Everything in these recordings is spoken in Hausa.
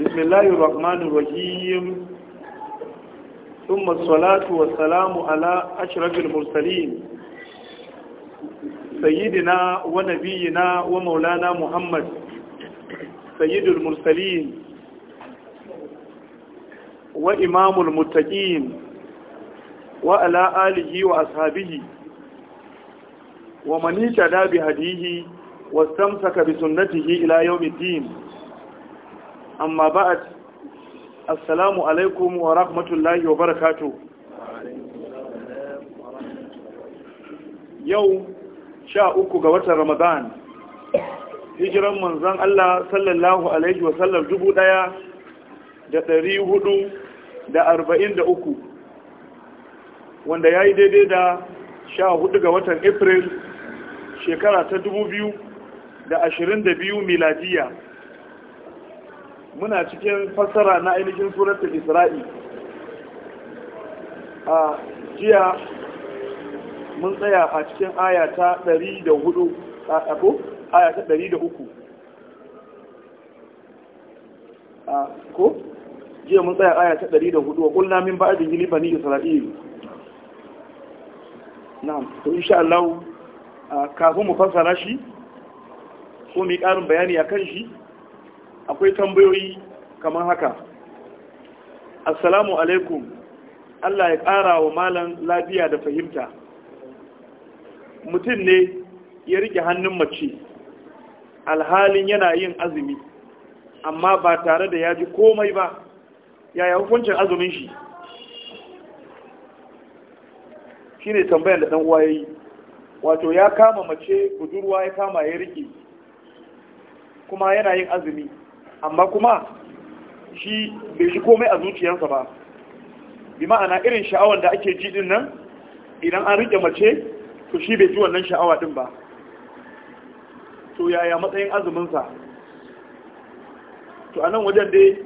بسم الله الرحمن الرحيم ثم الصلاة والسلام على أشرف المرسلين سيدنا ونبينا ومولانا محمد سيد المرسلين وإمام المتقين وعلى آله وأصحابه ومن اهتدى بهديه واستمسك بسنته إلى يوم الدين أما بعد السلام عليكم ورحمة الله وبركاته يوم شاء أكو قوات رمضان hijiran manzan Allah sallallahu Alaihi wasallam dubu ɗaya da ɗari hudu da arba'in da uku wanda ya yi daidai da sha hudu ga watan april shekara ta dubu biyu da ashirin da biyu miladiya muna cikin fassara na ainihin suratul isra'i a jiya mun tsaya a cikin aya ta 104 aya ta 103 a ko jiya mun tsaya aya ta 104 wa kullu min ba'din li bani isra'il na'am to insha Allah kafin mu fassara shi ko mai ƙarin bayani a kan shi akwai tambayoyi kamar haka assalamu alaikum allah ya ƙara wa malam lafiya da fahimta mutum ne ya rike hannun mace alhalin yana yin azumi amma ba tare da ya ji komai ba yaya hukuncin azumin shi shi ne tambayar da ɗan yi. wato ya kama mace budurwa ya kama ya rike kuma yana yin azumi amma kuma shi bai shi komai a zuciyarsa ba bi ma'ana irin sha'awar da ake ji din nan idan an rike mace to shi bai ji wannan sha'awa din ba to yaya matsayin azuminsa to a nan wajen dai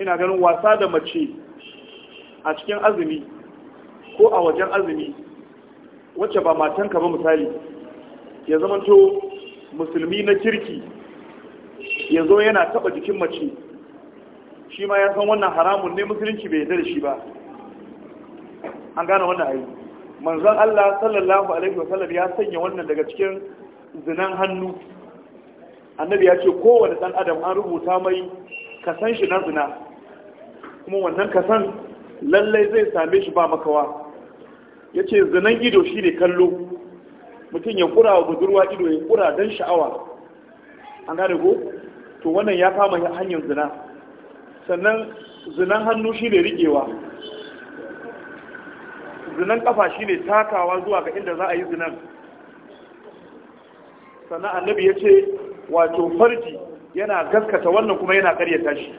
ina ganin wasa da mace a cikin azumi ko a wajen azumi wacce ba matanka ba misali ya zama to musulmi na kirki ya zo yana taba jikin mace shi ma ya san wannan haramun ne musulunci bai yarda da shi ba an gane wannan ayi manzon Allah sallallahu alaihi wasallam ya sanya wannan daga cikin zinan hannu annabi ya ce kowane dan adam an rubuta mai kasan shi na zina kuma wannan kasan lallai zai same shi ba makawa ya ce zinan ido shi ne kallo mutum ya kura wa budurwa ido ya kura don sha'awa an gane ko to wannan ya kama hanyar zina sannan zinan hannu shi ne riƙewa zinan ƙafa shi ne takawa zuwa ga inda za a yi zinan sannan annabi ya ce wato farji yana gaskata wannan kuma yana karyata shi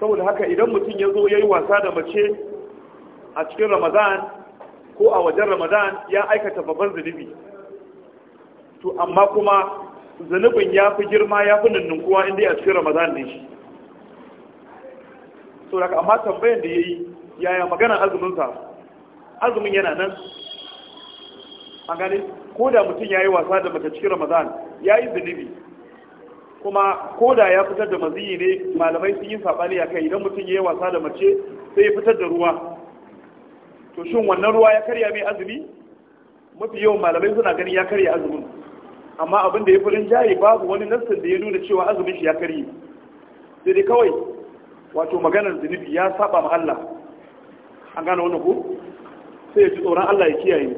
saboda haka idan mutum ya zo ya yi wasa da mace a cikin ramadan ko a wajen ramadan ya aikata babban zunubi to amma kuma zanubin ya fi girma ya fi ninninkuwa inda ya cikin ramadan ne shi so daga amma tambayan da ya yi yaya magana azuminsa azumin yana nan a gani ko da mutum ya yi wasa da mace cikin ramadan ya yi zunubi kuma ko da ya fitar da maziyi ne malamai sun yi saɓani a kai idan mutum ya yi wasa da mace sai ya fitar da ruwa to shin wannan ruwa ya karya mai azumi mafi yawan malamai suna ganin ya karya azumin amma abin da ya furin jaye babu wani nassar da ya nuna cewa azumin shi ya karye sai dai kawai wato maganar zunubi ya saba ma Allah an gane wannan ko sai ya ji tsoron Allah ya kiyaye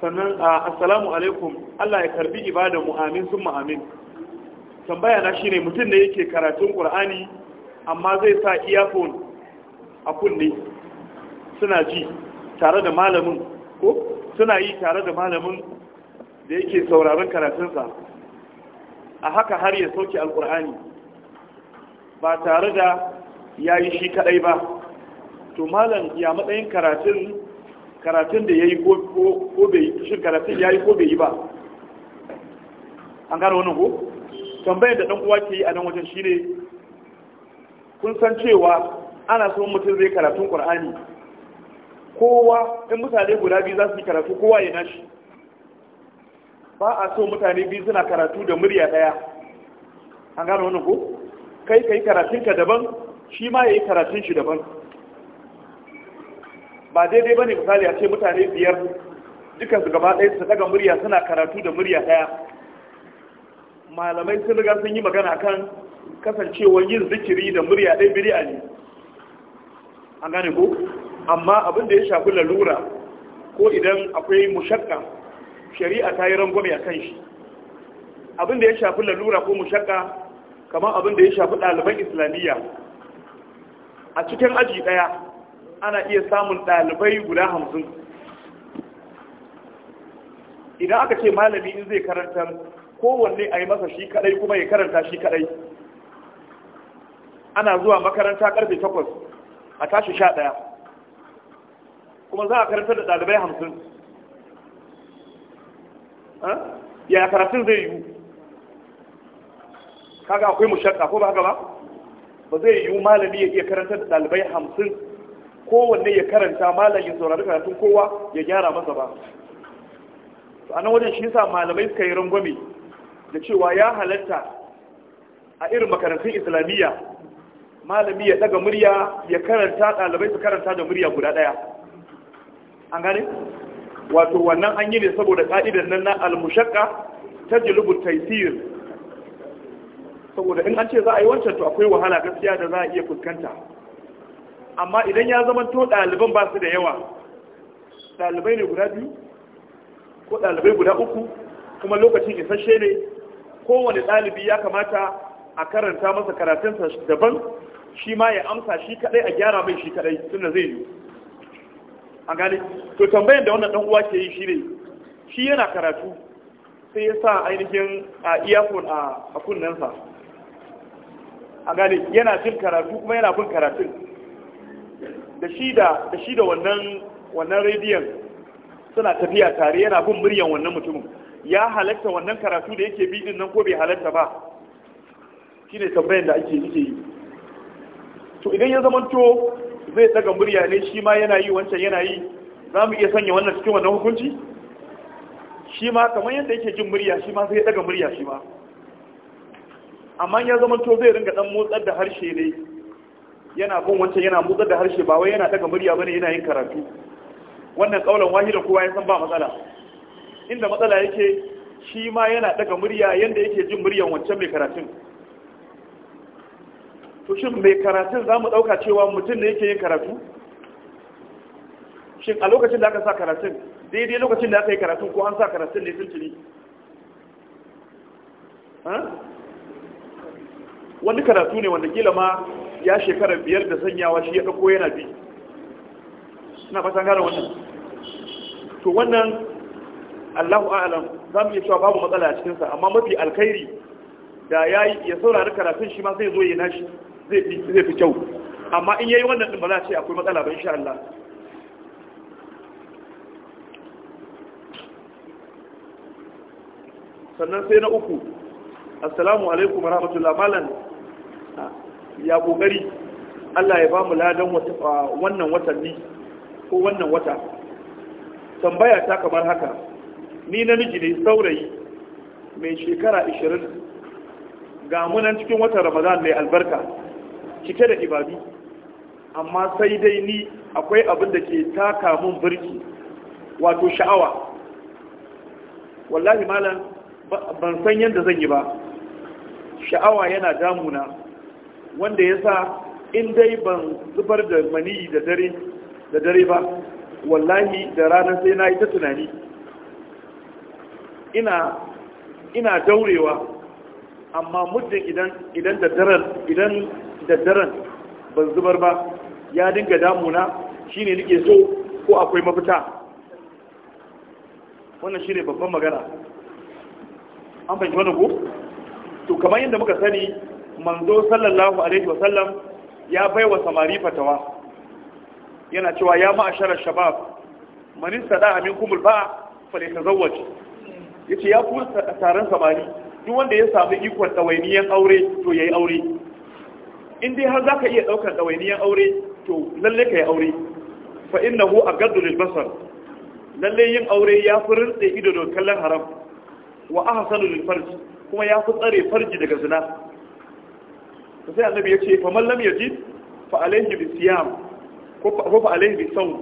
sannan assalamu alaikum Allah ya karbi ibadan mu amin sun amin tambaya na shine mutum ne yake karatun Qur'ani amma zai sa earphone a kunne suna ji tare da malamin ko suna yi tare da malamin da yake sauraron karatunsa a haka har ya sauke alkur'ani ba tare da ya yi shi kadai ba to malam ya matsayin karatun karatun da ya yi ko bai shi karatun ya yi ko bai yi ba an gara wannan ko tambayar da uwa ke yi a nan wajen shi ne kun san cewa ana so mutum zai karatun ƙur'ani kowa in mutane guda biyu za su yi karatu kowa ya nashi ba a so mutane biyu suna karatu da murya daya an gano wani ko kai ka yi karatunka daban shi ma ya yi karatun shi daban ba daidai ba ne misali a ce mutane biyar su gaba ɗaya su daga murya suna karatu da murya ɗaya malamai sun riga sun yi magana kan kasancewar yin zikiri da murya ɗaya biri'a ne an gane ko amma abin da ya shafi lalura ko idan akwai mushakka shari'a ta yi rangwame a kan shi abin da ya shafi lalura ko mushakka kamar abin da ya shafi ɗaliban islamiyya a cikin aji ɗaya ana iya samun ɗalibai guda hamsin idan aka ce malami in zai karantar kowanne a yi masa shi kaɗai kuma ya karanta shi kaɗai ana zuwa makaranta karfe takwas a tashi sha ɗaya kuma za a karanta da ɗalibai hamsin ya karatun zai yiwu kaga akwai mushakka ko ba haka ba ba zai yiwu malami ya iya karanta da ɗalibai hamsin kowanne ya karanta malami ya saurari karatun kowa ya gyara masa ba a nan wajen shi sa malamai suka yi rangwame da cewa ya halatta a irin makarantun islamiyya malami ya daga murya ya karanta ɗalibai su karanta da murya guda ɗaya an gane wato wannan an yi ne saboda ka'idar nan na al-mushaqqa jilubu taysir saboda in an ce za a yi wancan to akwai wahala gaskiya da za a iya fuskanta amma idan ya zama to ɗaliban ba su da yawa ɗalibai ne guda biyu ko ɗalibai guda uku kuma lokacin isasshe ne kowane ɗalibi ya kamata a karanta masa karatunsa daban shi ma ya amsa shi kaɗai a gyara mai shi kaɗai tunda zai yi an gane to tambayar da wannan dan uwa ke yi shine shi yana karatu sai ya sa ainihin a earphone a kunnensa an gane yana jin karatu kuma yana bin karatun da shi da da shi da wannan wannan rediyon suna tafiya tare yana bin muryan wannan mutumin ya halatta wannan karatu da yake bi din nan ko bai halatta ba shine tambayar da ake yi to idan ya zamanto zai daga murya ne shi ma yana yi wancan yana yi za mu iya sanya wannan cikin wannan hukunci shi ma kamar yadda yake jin murya shi ma sai ya daga murya shi ma amma ya zama to zai ringa dan motsar da harshe ne yana bin wancan yana motsar da harshe ba wai yana daga murya bane yana yin karatu wannan kaulan wahida kowa ya san ba matsala inda matsala yake shi ma yana daga murya yanda yake jin muryan wancan mai karatun to shin mai karatun za mu ɗauka cewa mutum ne yake yin karatu shin a lokacin da aka sa karatun daidai lokacin da aka yi karatun ko an sa karatun ne tuntuni wani karatu ne wanda gila ma ya shekara biyar da sanyawa shi ya ɗauko yana bi suna fatan gane wannan to wannan allahu a'alam, za mu iya cewa babu matsala a cikinsa amma mafi alkhairi da ya saurari karatun shi ma sai zo ya nashi zai fi kyau amma in yayi wannan din ba za a ce akwai matsala ba insha Allah sannan sai na uku assalamu alaikum rahmatullah malam ya kokari Allah ya ba mu ladan wannan watanni ko wannan wata tambaya ta kamar haka ni na namiji ne saurayi mai shekara 20 ga munan cikin watan ramadan mai albarka cike da ibadu amma sai dai ni akwai abin da ke taka mun birki wato sha'awa wallahi malam ban san yadda zan yi ba sha'awa yana damu na, wanda ya sa in dai ban zubar da mani da dare da dare ba wallahi da ranar sai na yi ta tunani ina ina daurewa amma muddin idan idan da daren idan da daren ban zubar ba ya dinga damuna shine nake so ko akwai mafita wannan shine babban magana an fahimci wannan ko to kamar yadda muka sani manzo sallallahu alaihi wa sallam ya baiwa samari fatawa yana cewa ya ma'ashara shabab man istada aminkum alba'a falyatazawwaj yace ya ku taron samari duk wanda ya samu ikon ɗawainiyar aure to yayi aure in dai har zaka iya daukar dawainiyan aure to lalle kai aure fa innahu agaddu lil basar lalle yin aure ya fi rintse ido don kallon haram wa ahsanu lil farji kuma ya fi tsare farji daga zina to sai annabi ya ce fa man lam yajid fa alayhi bi siyam ko fa alayhi bi sawm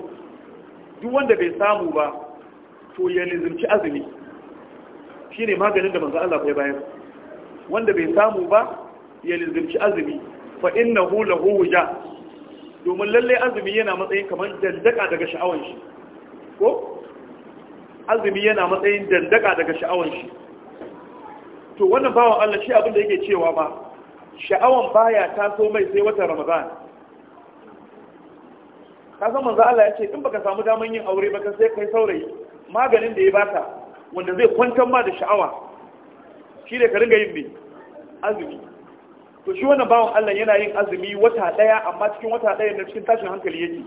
duk wanda bai samu ba to ya lizimci azumi shine maganin da manzo Allah ya bayar wanda bai samu ba ya lizimci azumi fa hu lahu wuja domin lalle azumi yana matsayin kamar dandaka daga sha'awan shi ko azumi yana matsayin dandaka daga sha'awan shi to wannan bawan Allah shi abin da yake cewa ba sha'awan baya ta so mai sai watan Ramadan ka san manzo Allah ya ce in baka samu daman yin aure ba ka sai kai saurayi maganin da ya baka wanda zai kwantar ma da sha'awa shi ne ka ringa yin me azumi to shi wannan bawan Allah yana yin azumi wata daya amma cikin wata daya na cikin tashin hankali yake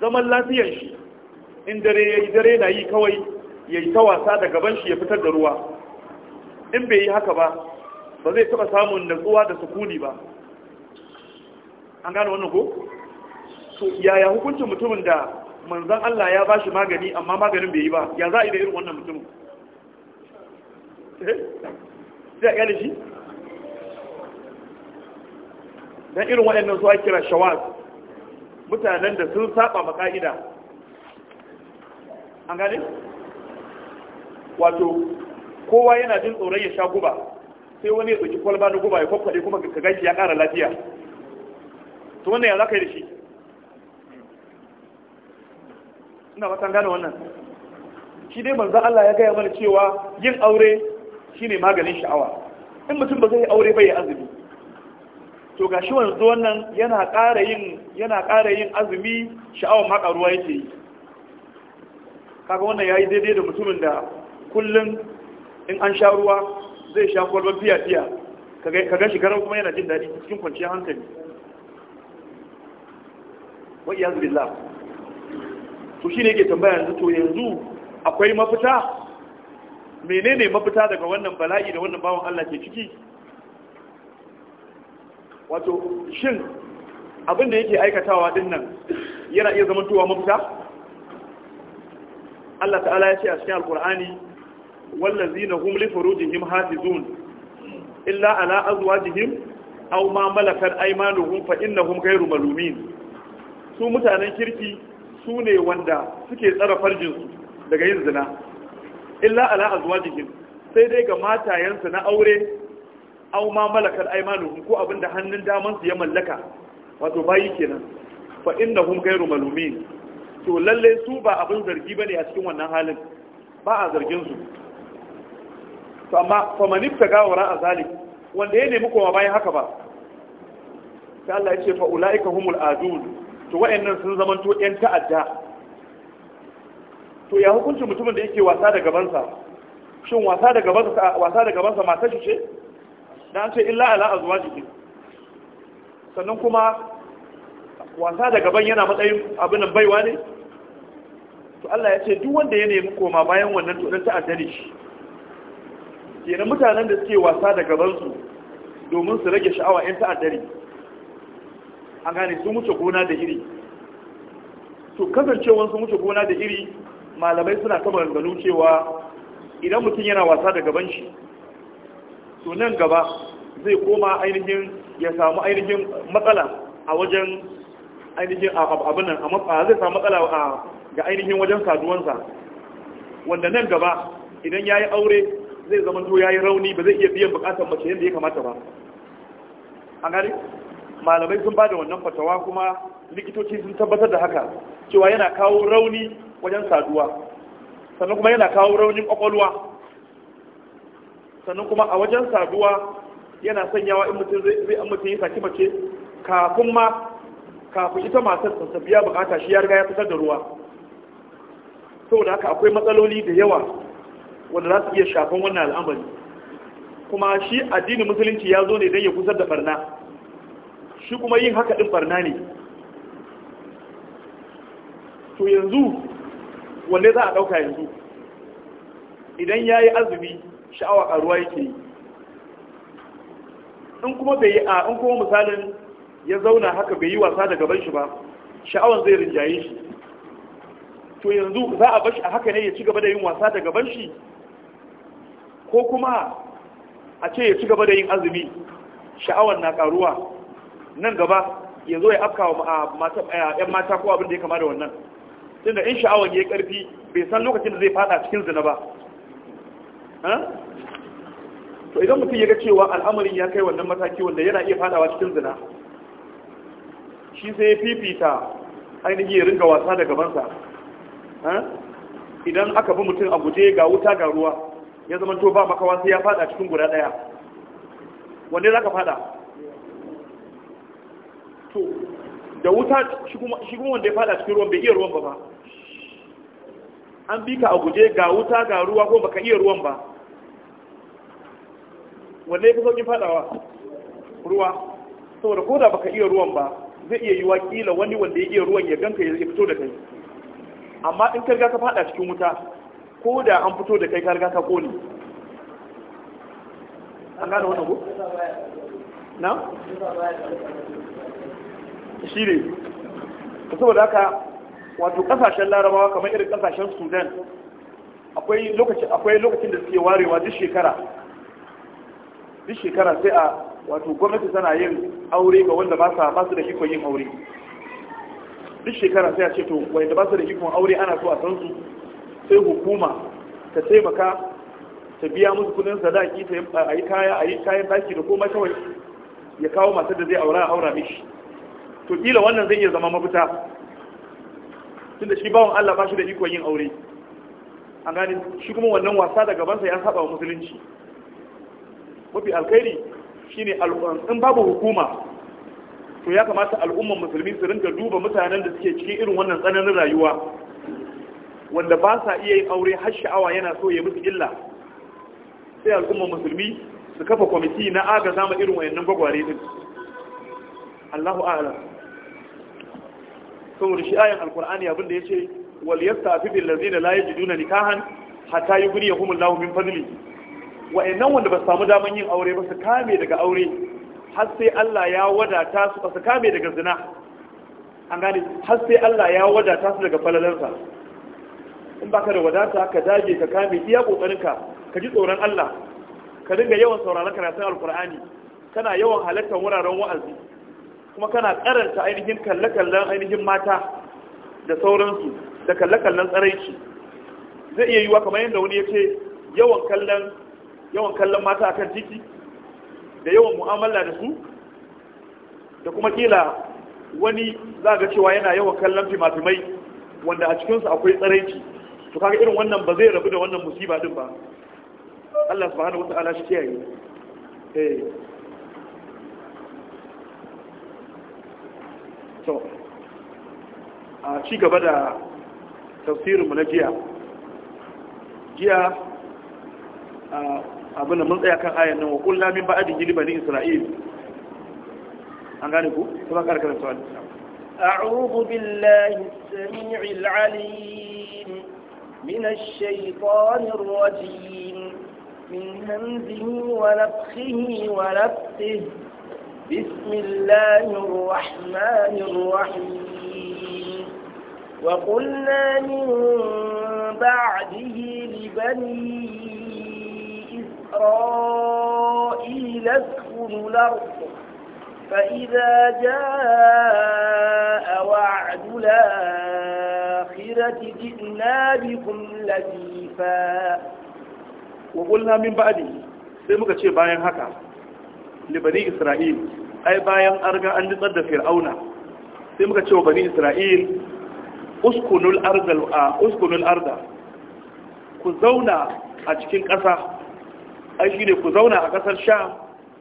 zaman lafiyar shi in dare yayi dare na yi kawai yayi ta wasa da gaban shi ya fitar da ruwa in bai yi haka ba ba zai taba samun natsuwa da sukuni ba an gane wannan ko to yaya hukuncin mutumin da manzon Allah ya bashi magani amma maganin bai yi ba ya za a yi da irin wannan mutumin eh? sai ya kyale shi dan irin waɗannan su ake kira shawaz mutanen da sun saba ma ka'ida an gane wato kowa yana jin tsoron ya sha guba sai wani ya ɗauki kwalba na guba ya kwakwade kuma ka gaji ya ƙara lafiya to wannan ya za yi da shi ina fatan gane wannan shi dai manzo Allah ya gaya mana cewa yin aure shine maganin sha'awa in mutum ba zai aure bai azumi to ga shi wanzu wannan yana ƙara yin yana ƙara yin azumi sha'awar maka ruwa yake yi kaga wannan yayi daidai da mutumin da kullum in an sha ruwa zai sha kwalbar fiya fiya kaga shi garau kuma yana jin daɗi cikin kwanciyar hankali wa iyaz billah to shine yake tambaya yanzu to yanzu akwai mafita menene mafita daga wannan bala'i da wannan bawon Allah ke ciki wato shin abin da yake aikatawa din nan yana iya tuwa mafita Allah ta'ala ya ce a cikin alkur'ani wallazina hum li furujihim hafizun illa ala azwajihim aw ma malakat aymanuhum fa innahum ghayru malumin su mutanen kirki su ne wanda suke tsara farjinsu daga yin zina illa ala azwajihim sai dai ga matayensu na aure aw ma malakal aymanuhum ko abinda hannun daman su ya mallaka wato bayi kenan fa innahum ghayru malumin to lalle su ba abin zargi bane a cikin wannan halin ba a zargin su to amma fa man ibtaga wara azalik wanda ya nemi kowa bayan haka ba sai Allah ya ce fa ulaika humul adul to wayannan sun to yan ta'adda to ya hukunci mutumin da yake wasa da gabansa shin wasa da gabansa wasa da gabansa matar shi ce dan ce illa ala azwajikum sannan kuma wasa da gaban yana matsayin abinan baiwa ne to Allah ya ce duk wanda ya nemi koma bayan wannan to dan ta shi kenan mutanen da suke wasa da gaban su domin su rage sha'awa yan ta ne an gane su wuce gona da iri to kasancewar su wuce gona da iri malamai suna kama ganganu cewa idan mutum yana wasa da gaban shi to nan gaba zai koma ainihin ya samu ainihin matsala a wajen ainihin abin nan amma zai samu matsala ga ainihin wajen saduwansa wanda nan gaba idan ya yi aure zai zama to ya yi rauni ba zai iya biyan bukatar mace yadda ya kamata ba a gari malamai sun ba da wannan fatawa kuma likitoci sun tabbatar da haka cewa yana kawo rauni wajen saduwa sannan kuma yana kawo raunin kwakwalwa sannan kuma a wajen saduwa yana sanyawa in mutum zai an mutum ya saki mace kafin ma kafin ita matar ta biya bukata shi ya riga ya fitar da ruwa saboda haka akwai matsaloli da yawa wanda za su iya shafan wannan al'amari kuma shi addinin musulunci ya zo ne don ya kusa da barna shi kuma yin haka din barna ne to yanzu wanne za a ɗauka yanzu idan ya yi azumi sha'awa karuwa yake yi in kuma bai a in kuma misalin ya zauna haka bai yi wasa da gaban shi ba sha'awan zai rinjaye shi to yanzu za a bashi a haka ne ya ci gaba da yin wasa da gaban shi ko kuma a ce ya ci gaba da yin azumi sha'awan na karuwa nan gaba ya zo ya afka wa ƴan mata ko abin da ya kama da wannan tunda in sha'awan ya yi karfi bai san lokacin da zai fada cikin zina ba to idan mutum ya ga cewa al'amarin ya kai wannan mataki wanda yana iya fadawa cikin zina shi sai ya fifita ainihin ya ringa wasa da gabansa idan aka bi mutum a guje ga wuta ga ruwa ya zama to ba makawa sai ya fada cikin guda daya wanda za ka fada to da wuta shi kuma wanda ya fada cikin ruwan bai iya ruwan ba ba an bi ka a guje ga wuta ga ruwa ko baka iya ruwan ba wanda ya fi sauƙin faɗawa ruwa saboda ko da baka iya ruwan ba zai iya yi kila wani wanda ya iya ruwan ya ganka ya fito da kai amma in ka riga ka faɗa cikin wuta ko da an fito da kai ka riga ka ƙone an gane wannan ko na shi ne saboda haka wato ƙasashen larabawa kamar irin ƙasashen sudan akwai lokacin da suke warewa duk shekara duk shekara sai a wato gwamnati tana yin aure ga wanda ba sa ba su da ikon yin aure duk shekara sai a ce to wanda ba su da ikon aure ana so a san su sai hukuma ta taimaka ta biya musu kudin sadaki ta a yi kaya a yi kayan daki da komai kawai ya kawo matar da zai aura a aura mishi to kila wannan zai iya zama mafita tunda shi bawan Allah ba shi da ikon yin aure an gane shi kuma wannan wasa da gabansa ya saba wa musulunci mafi alkhairi shine in babu hukuma to ya kamata al'umman musulmi su rinka duba mutanen da suke cikin irin wannan tsananin rayuwa wanda ba sa iya yin aure har sha'awa yana so ya musu illa sai al'umman musulmi su kafa kwamiti na aga zama irin wayannan gwagware din Allahu a'lam saboda shi ayan alqur'ani abin da ce wal yastafi bil ladina la yajiduna nikahan hatta yughniyahum Allahu min fadlihi wa'annan wanda ba su samu daman yin aure ba su kame daga aure har sai Allah ya wadata su su kame daga zina an gane har sai Allah ya wadata su daga falalansa in baka da wadata ka dage ka kame iya kokarinka ka ji tsoron Allah ka dinga yawan sauraron karatun alkur'ani kana yawan halartar wuraren wa'azi kuma kana karanta ainihin kalle-kallen ainihin mata da sauransu da kalle-kallen tsaraici zai iya yiwa kamar yadda wani ya ce yawan kallon yawan kallon mata a kan titi da yawan mu'amala da su da kuma kila wani za ga cewa yana yawan kallon fimafimai wanda a cikinsu akwai tsaraici to kaga irin wannan ba zai rabu da wannan musiba din ba Allah subhanahu ta'ala shi kiyaye eh to a ci gaba da tafsirinmu na jiya jiya abinda mun tsaya kan ayan nan wa kullu min ba'di jili bani isra'il an gane ku kuma kar karanta wannan a'udhu billahi as-sami'il 'alim min ash-shaytanir rajim min hamzihi wa nafthihi wa nafthihi بسم الله الرحمن الرحيم وقلنا من بعده لبني إسرائيل اذكروا الأرض فإذا جاء وعد الآخرة جئنا بكم لذيفا وقلنا من بعده سيبقى شيء باين هكا لبني إسرائيل أي باين أرجع أن نتقدر في الأونة سيبقى شيء بني إسرائيل أسكنوا الأرض أسكنوا الأرض كزونا a cikin ai ne ku zauna a ƙasar sha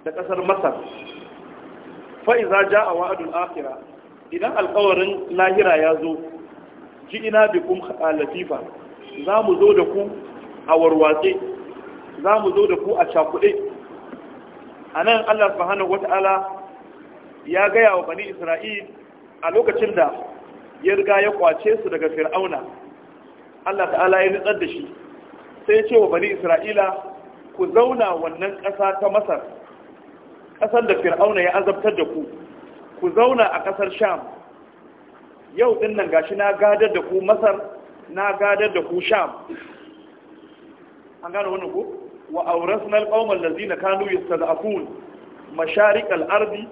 da ƙasar masar Fa'iza ja a wa’adun Afira. idan alkawarin lahira ya zo ji ina bi a latifa za mu zo da ku a warwatse za mu zo da ku a cakuɗe a nan allah subhanahu wata'ala ya gaya wa bani isra'il a lokacin da ya riga ya kwace su daga fir'auna allah ta'ala ya nutsar da shi sai ya ce wa bani isra'ila ku zauna wannan ƙasa ta masar ƙasar da fir'auna ya azabtar da ku ku zauna a ƙasar sham yau ɗin nan gashi na gadar da ku masar na gadar da ku sham an gane wannan ku wa aurasnal qauman lazina kanu yastad'afun masharik al-ardi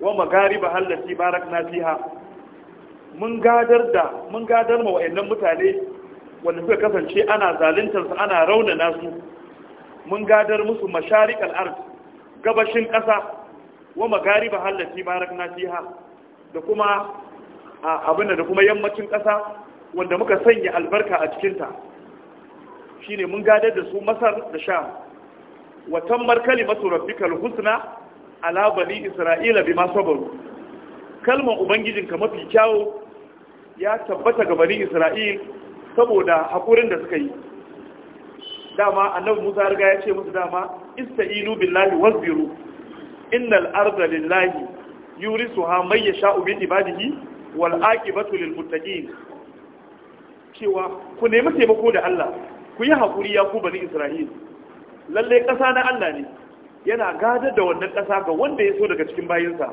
wa magariba allati barakna fiha mun gadar da mun gadar ma wayannan mutane wanda suka kasance ana zaluntar su ana raunana su mun gadar musu masharik al'ard gabashin ƙasa wa magariba hallati barakna fiha da kuma abinda da kuma yammacin ƙasa wanda muka sanya albarka a cikinta shine mun gadar da su masar da sha. wa tammar kalimatu rabbikal husna ala bani isra'ila bima sabaru kalmar ubangijinka mafi kyawo ya tabbata ga bani isra'il saboda haƙurin da suka yi dama annabi Musa riga ya ce musu dama ista'inu billahi wasbiru innal arda lillahi yurisuha man yasha'u min ibadihi wal aqibatu lil muttaqin cewa ku nemi taimako da Allah ku yi hakuri ya ku bani Isra'il lalle ƙasa na Allah ne yana gadar da wannan ƙasa ga wanda ya so daga cikin bayinsa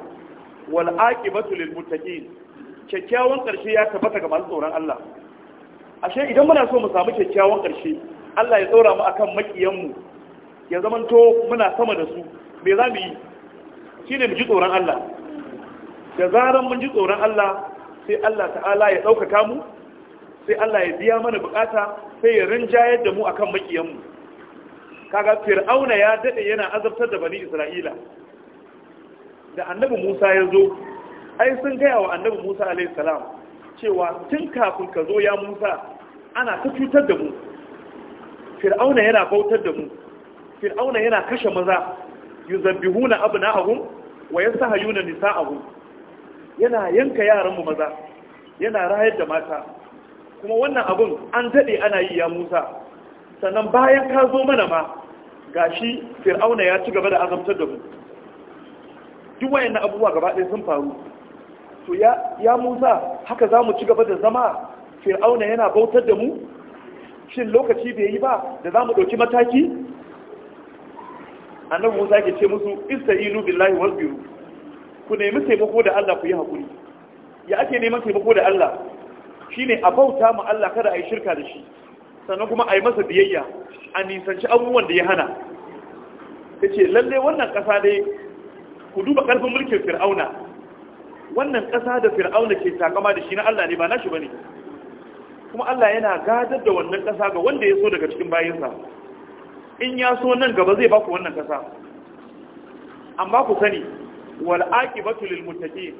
wal aqibatu lil muttaqin kyakkyawan ƙarshe ya tabbata ga masu tsoron Allah ashe idan muna so mu samu kyakkyawan ƙarshe Allah ya tsora mu akan makiyanmu ya zamanto muna sama da su me za mu yi shi ne mu ji tsoron Allah da zarar mun ji tsoron Allah sai Allah ta'ala ya ɗaukaka mu sai Allah ya biya mana bukata sai ya rinjayar da mu akan makiyanmu kaga fir'auna ya daɗe yana azabtar da bani isra'ila da annabi musa ya zo ai sun gaya wa annabi musa alaihi salam cewa tun kafin ka zo ya musa ana ta cutar da mu fir'auna yana bautar da mu fir'auna yana kashe maza yuzabbihuna abna'ahum wa yastahayuna nisa'ahum yana yanka yaran mu maza yana rayar da mata kuma wannan abun an dade ana yi ya Musa sannan bayan ka zo mana ma gashi fir'auna ya ci gaba da azabtar da mu duk wayannan abubuwa gaba ɗaya sun faru to ya ya Musa haka zamu ci gaba da zama fir'auna yana bautar da mu shin lokaci bai yi ba da za mu ɗauki mataki annabi musa ke ce musu ista'inu billahi wasbiru ku nemi taimako da Allah ku yi hakuri ya ake neman taimako da Allah shine a bauta mu Allah kada a yi shirka da shi sannan kuma a yi masa biyayya a nisanci abubuwan da ya hana ta ce lalle wannan ƙasa dai ku duba ƙarfin mulkin fir'auna wannan ƙasa da fir'auna ke takama da shi na Allah ne ba nashi ba ne kuma Allah yana gadar da wannan kasa ga wanda ya so daga cikin bayansa in ya so nan gaba zai baku wannan ƙasa amma ku sani wal aqibatu lil muttaqin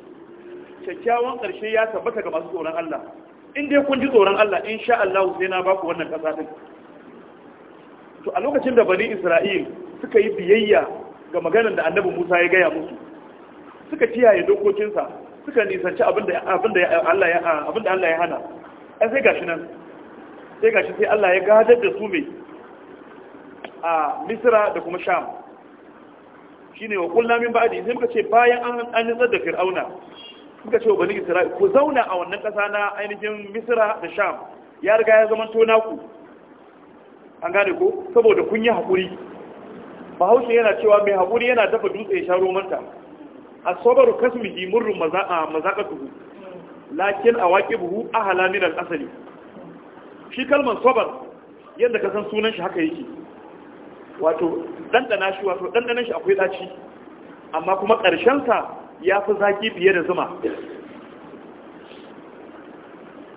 kyakkyawan ƙarshe ya tabbata ga masu tsoron Allah in dai kun ji tsoron Allah insha Allah sai na baku wannan ƙasa din to a lokacin da bani Isra'il suka yi biyayya ga maganar da Annabi Musa ya gaya musu suka kiyaye dokokinsa suka nisanci abinda da Allah ya hana ai sai gashi nan sai gashi sai Allah ya gadar da su mai a Misira da kuma sham Shi ne wa kullum min ba'di sai muka ce bayan an an da fir'auna muka ce wa bani isra'il ku zauna a wannan ƙasa na ainihin Misira da sham ya riga ya zama tona ku an gane ko saboda kun yi haƙuri bahaushe yana cewa mai haƙuri yana dafa dutse ya sha romanta a sabar kasmihi mazaƙa tuhu lakin a waƙi buhu a halamin asali. shi kalmar sobar yadda ka san sunan shi haka yake wato ɗanɗana shi wato ɗanɗanan shi akwai ɗaci amma kuma ƙarshensa ya fi zaki fiye da zuma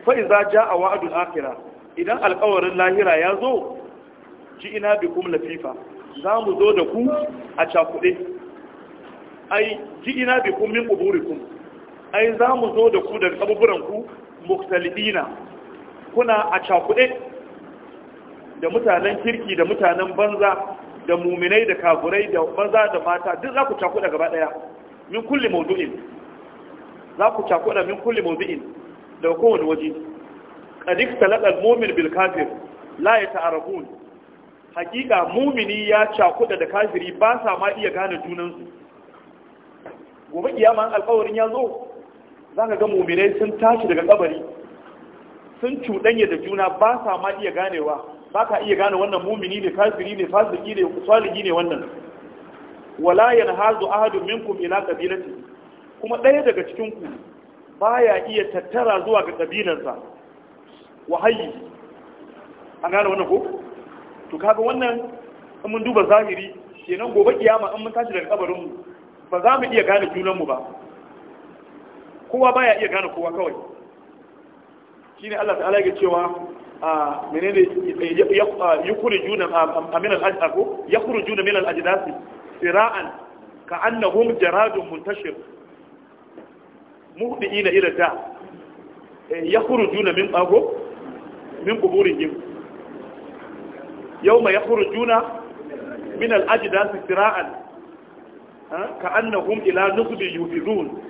fa'iza ja a wa'adun akira idan alƙawarin lahira ya zo ji ina bi kuma lafifa za mu zo da ku a cakuɗe ai ji ina bi kuma min ƙuburikum ai za mu zo da ku daga abubuwanku muktalibina kuna a cakuɗe da mutanen kirki da mutanen banza da muminai da kagurai da banza da mata duk za ku cakuɗa gaba ɗaya min kulli maudu'in za ku cakuɗa min kulli maudu'in daga kowane waje ƙadik talakal mumin bil kafir la ya ta'arafun hakika mumini ya cakuɗa da kafiri ba sa ma iya gane junansu gobe kiyaman alƙawarin ya zo za ka ga muminai sun tashi daga kabari sun cuɗanya da juna ba sa ma iya ganewa ba ka iya gane wannan mumini ne kafiri ne fasiki ne salihi ne wannan wala yanhazu ahadun minkum ila qabilati kuma ɗaya daga cikin ku baya iya tattara zuwa ga kabilarsa wa an gane wannan ko to kaga wannan in mun duba zahiri kenan gobe kiyama in mun tashi daga kabarin mu ba za mu iya gane junanmu ba kowa baya iya gane kowa kawai shine Allah ta'ala yake cewa a ah, menene yukhrijuna ah, ah, min al-ajdaku yukhrijuna min al-ajdasi sira'an ka'annahum jaradun muntashir muhdiina ila da eh, yukhrijuna min qago min quburihim yawma yukhrijuna min al-ajdasi sira'an ka'annahum ila nusbi yufidun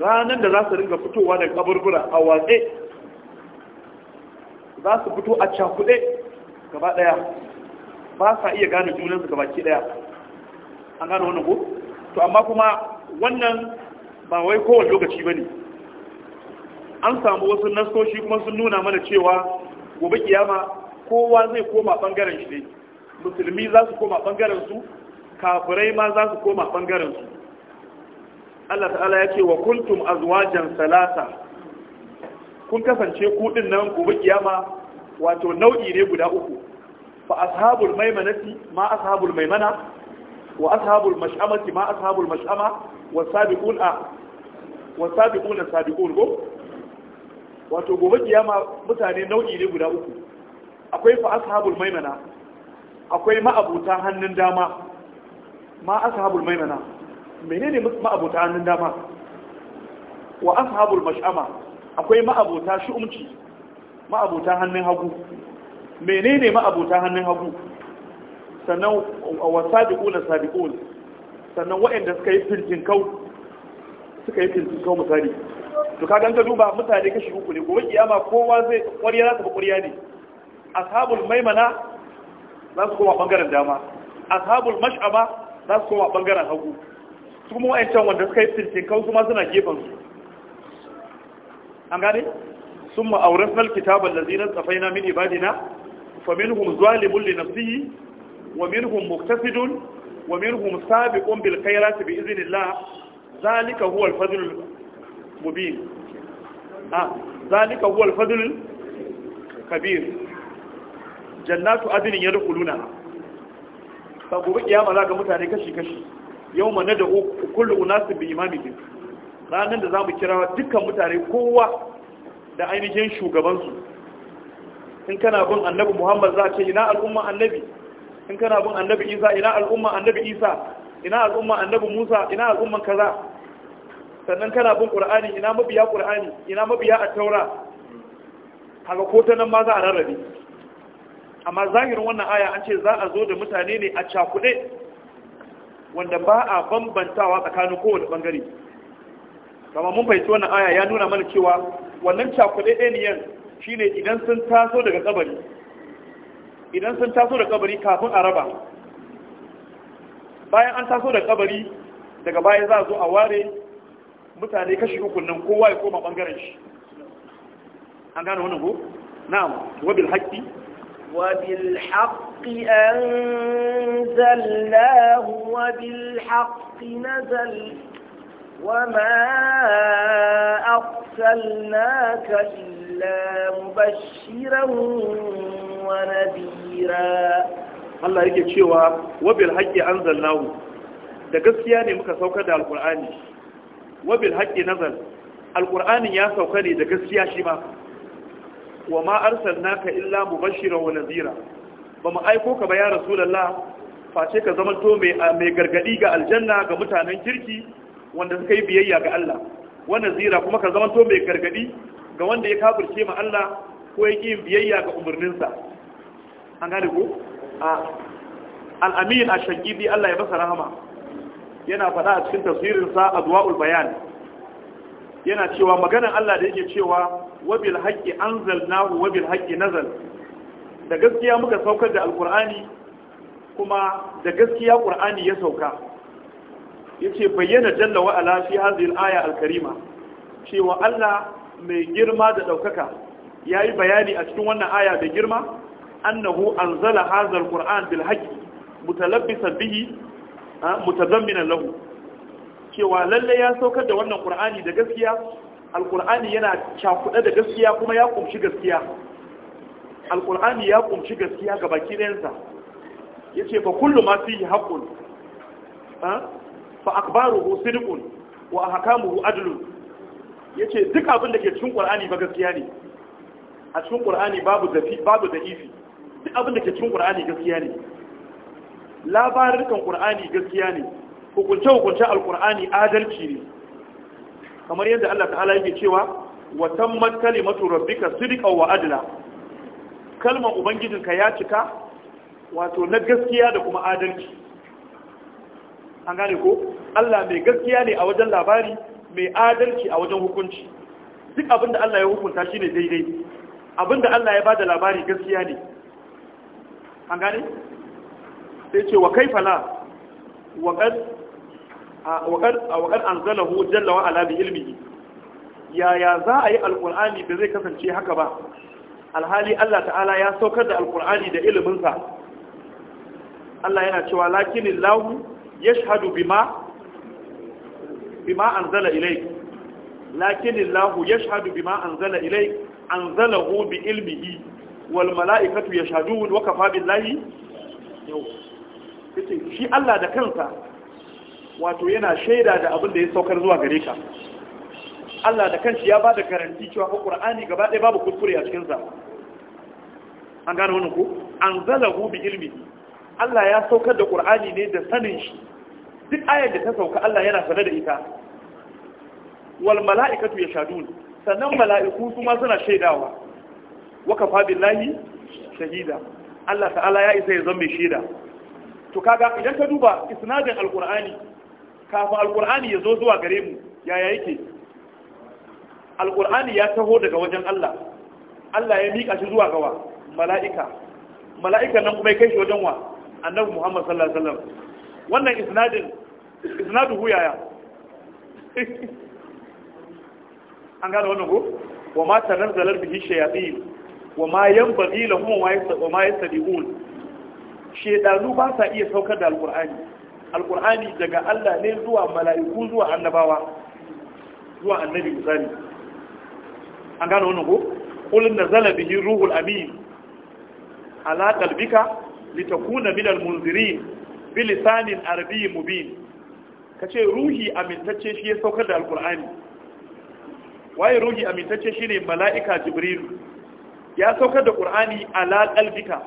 ranar da za su ringa fitowa daga kaburbura a watse za su fito a cakuɗe gaba ɗaya ba sa iya gane junansu gaba ke ɗaya an gane wannan ko to amma kuma wannan ba wai kowane lokaci ba ne an samu wasu nasoshi kuma sun nuna mana cewa gobe kiyama kowa zai koma bangaren shi ne musulmi za su koma bangaren su kafirai ma za su koma ɓangaren su Allah ta'ala ya ce wa kuntum azwajan salasa kun kasance ku din nan gobe kiyama wato nau'i ne guda uku fa ashabul maimanati ma ashabul maimana wa ashabul mash'amati ma ashabul mash'ama wa sabiqun a ah, wa sabiqun sabiqun go wato gobe kiyama mutane nau'i ne guda uku akwai fa ashabul maimana akwai ma'abuta hannun dama ma ashabul maimana menene ma'abota hannun dama wa ashabul mash'ama akwai ma'abota shu'umci ma'abota hannun hagu menene ma'abota hannun hagu sannan wa sadiquna sadiqun sannan waɗanda suka yi firkin kau suka yi firkin kau misali to ka ganka duba mutane kashi uku ne gobe kiyama kowa zai kwariya za ta ƙwarya ne ashabul maimana za su koma bangaren dama ashabul mash'ama za su koma bangaren hagu su kuma wa'ancan wanda suka yi fintinkan su ma suna gefen su an gane sun ma'auran sal kitabar da zinar tsafai na min ibadina fa minhum zalimun li nafsihi wa minhum muktasidun wa minhum sabiqun bil khairati bi iznillah zalika huwa al fadlul mubin ah zalika huwa al fadlul kabir jannatu adinin adnin yadkhuluna Ba gobe kiyama za ga mutane kashi kashi yau ma na da kullu su bi imamihim ranar da za mu kira dukkan mutane kowa da ainihin shugabansu in kana bin annabi muhammad za ce ina al'umma annabi in kana bin annabi isa ina al'umma annabi isa ina al'umma annabi musa ina al'umman kaza sannan kana bin ƙur'ani? ina mabiya ƙur'ani? ina mabiya a taura haka ko ta nan ma za a rarrabe amma zahirin wannan aya an ce za a zo da mutane ne a cakuɗe wanda ba a bambantawa tsakanin kowane bangare kama mun fahimci wannan aya ya nuna mana cewa wannan cakuɗe ɗaniyan shine idan sun taso daga kabari idan sun taso daga kabari kafin a raba bayan an taso daga kabari daga baya za a zo a ware mutane kashi uku nan kowa ya koma bangaren shi an gane wannan ko na'am wabil haqqi وبالحق أنزلناه وبالحق نزل وما أرسلناك إلا مبشرا ونذيرا Allah yake cewa wabil haƙƙi haqqi anzalnahu da gaskiya ne muka saukar da alqur'ani wabil haƙƙi nazal alqur'ani ya sauka ne da gaskiya shi ma wa ma arsalnaka illa mubashira wa nadhira ba mu aiko ka ba ya rasulullah face ka zama to mai mai gargadi ga aljanna ga mutanen kirki wanda suka yi biyayya ga Allah wa nadhira kuma ka zama to mai gargadi ga wanda ya kafirce ma Allah ko ya yin biyayya ga umarninsa an gane ko al'amin a shaqibi Allah ya masa rahama yana faɗa a cikin tafsirin sa adwaul bayan yana cewa maganan Allah da yake cewa wa haƙƙi haqqi anzalnahu wa haƙƙi nazal da gaskiya muka saukar da alqur'ani kuma da gaskiya ƙur'ani ya sauka Ya yace bayyana jalla wa ala fi hadhihi al-aya al-karima cewa Allah mai girma da ɗaukaka ya yi bayani a cikin wannan aya da girma annahu anzala hadha al-qur'an bil haqqi mutalabbisan bihi mutazamminan lahu cewa lalle ya saukar da wannan qur'ani da gaskiya alkur'ani yana cakuɗa da gaskiya kuma ya kumshi gaskiya alkur'ani ya kumshi gaskiya ga baki ɗayansa ya ce fa kullu ma fi haƙun fa ko sirikun wa adalun? Ya ce duk abin da ke cikin ƙul'ani ba gaskiya ne a cikin ƙul'ani babu dafi babu ifi duk abin da ke cikin ƙul'ani gaskiya ne labarin kan ƙul'ani gaskiya ne hukunce hukunce alqur'ani adalci ne kamar yadda Allah ta'ala yake cewa wa tammat kalimatu rabbika sidqan wa adla ubangijin ubangijinka ya cika wato na gaskiya da kuma adalci an gane ko Allah mai gaskiya ne a wajen labari mai adalci a wajen hukunci duk abinda Allah ya hukunta shine daidai abinda Allah ya bada labari gaskiya ne an gane sai ce wa kaifa la wa qad A waƙar an zala hu jalla wa'ala bi ilmihi yaya za a yi alƙul'ani da zai kasance haka ba alhali Allah ta'ala ya saukar da alƙul'ani da iliminsa Allah yana cewa lakinin lahu ya shahadu bima bima an zala ilai lakinin lahu ya shahadu bima an zala ilai an zala hu bi ilmihi wal mala'ikatu ya shahadu wa kafa billahi yau shi Allah da kansa wato yana shaida da abin da ya saukar zuwa gare ka Allah da kanshi ya bada garanti cewa ko Qur'ani gaba ɗaya babu kuskure a cikin sa an gane wannan ko anzalahu bi ilmi Allah ya saukar da Qur'ani ne da sanin shi duk ayar da ta sauka Allah yana sanar da ita wal mala'ikatu yashadun sannan mala'iku ma suna shaidawa wa kafa billahi shahida Allah ta'ala ya isa ya zama shaida to kaga idan ka duba isnadin alqur'ani kafin alkur'ani ya zo zuwa gare mu yaya yake alkur'ani ya taho daga wajen Allah Allah ya miƙa shi zuwa gawa mala'ika mala'ika nan kuma ya kai shi wajen wa annabi Muhammad sallallahu alaihi wasallam wannan isnadin isnaduhu yaya an gane wannan ko wa ma tanazzalar bihi shayatin wa ma yanbaghi lahum wa ma yastabiqun shedanu ba sa iya saukar da alkur'ani alkur'ani daga Allah ne zuwa mala'iku zuwa annabawa zuwa annabi misali an gano wannan ko qul nazala bihi ruhul amin ala qalbika litakuna minal munzirin bi lisanin arabiyyin mubin kace ruhi amintacce shi ya saukar da alkur'ani waye ruhi amintacce shine mala'ika jibrilu ya saukar da qur'ani ala qalbika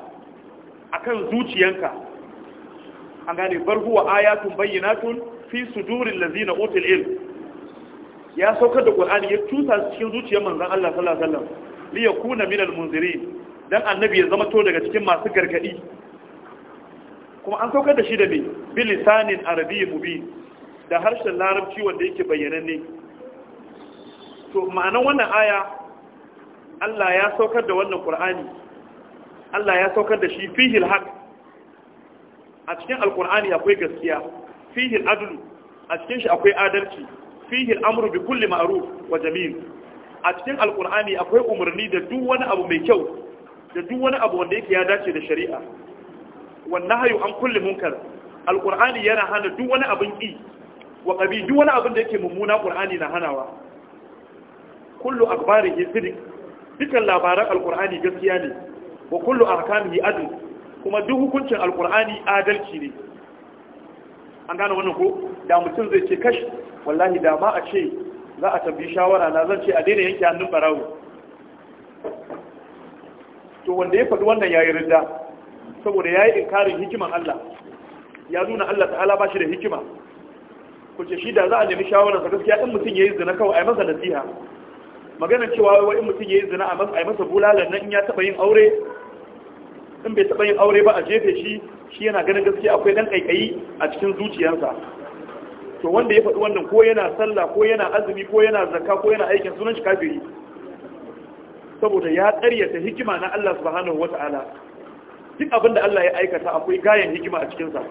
akan zuciyanka an gane bar huwa ayatun bayyinatun fi sudurin lazina otal il ya saukar da qur'ani ya tusa cikin zuciyar manzan Allah sallallahu alaihi wasallam li yakuna minal munzirin dan annabi ya zama to daga cikin masu gargadi kuma an saukar da shi da me bilisanin arabiyyi mubin da harshen larabci wanda yake bayyananne to ma'anan wannan aya Allah ya saukar da wannan qur'ani Allah ya saukar da shi fihil haqq a cikin alkur'ani akwai gaskiya fihil al'adlu a cikin shi akwai adalci fihil amru, bi kulli ma'ruf wa jamil a cikin alkur'ani akwai umarni da duk wani abu mai kyau da duk wani abu wanda yake ya dace da shari'a wannan hayu an kulli munkar alkur'ani yana hana duk wani abin ki wa qabi duk wani abin da yake mummuna qur'ani na hanawa kullu akhbarihi sidiq dukkan labaran alkur'ani gaskiya ne wa kullu ahkamihi adl kuma duk hukuncin alkur'ani adalci ne an gane wannan ko da mutum zai ce kashi wallahi da ma a ce za a tambayi shawara na zan ce a daina yanke hannun barawo to wanda ya faɗi wannan yayi ridda saboda yayi inkarin hikiman Allah ya nuna Allah ta'ala ba shi da hikima ku ce shi da za a nemi shawara sa gaskiya in mutum yayi zina kawai ai masa nasiha maganar cewa wai in mutum yayi zina a masa bulala nan in ya taba yin aure in bai taɓa yin aure ba a jefe shi shi yana ganin gaskiya akwai ɗan ƙaiƙayi a cikin zuciyarsa to wanda ya faɗi wannan ko yana sallah ko yana azumi ko yana zakka ko yana aikin sunan shi kafiri saboda ya ƙaryata hikima na Allah subhanahu ta'ala duk abin da Allah ya aikata akwai gayan hikima a cikinsa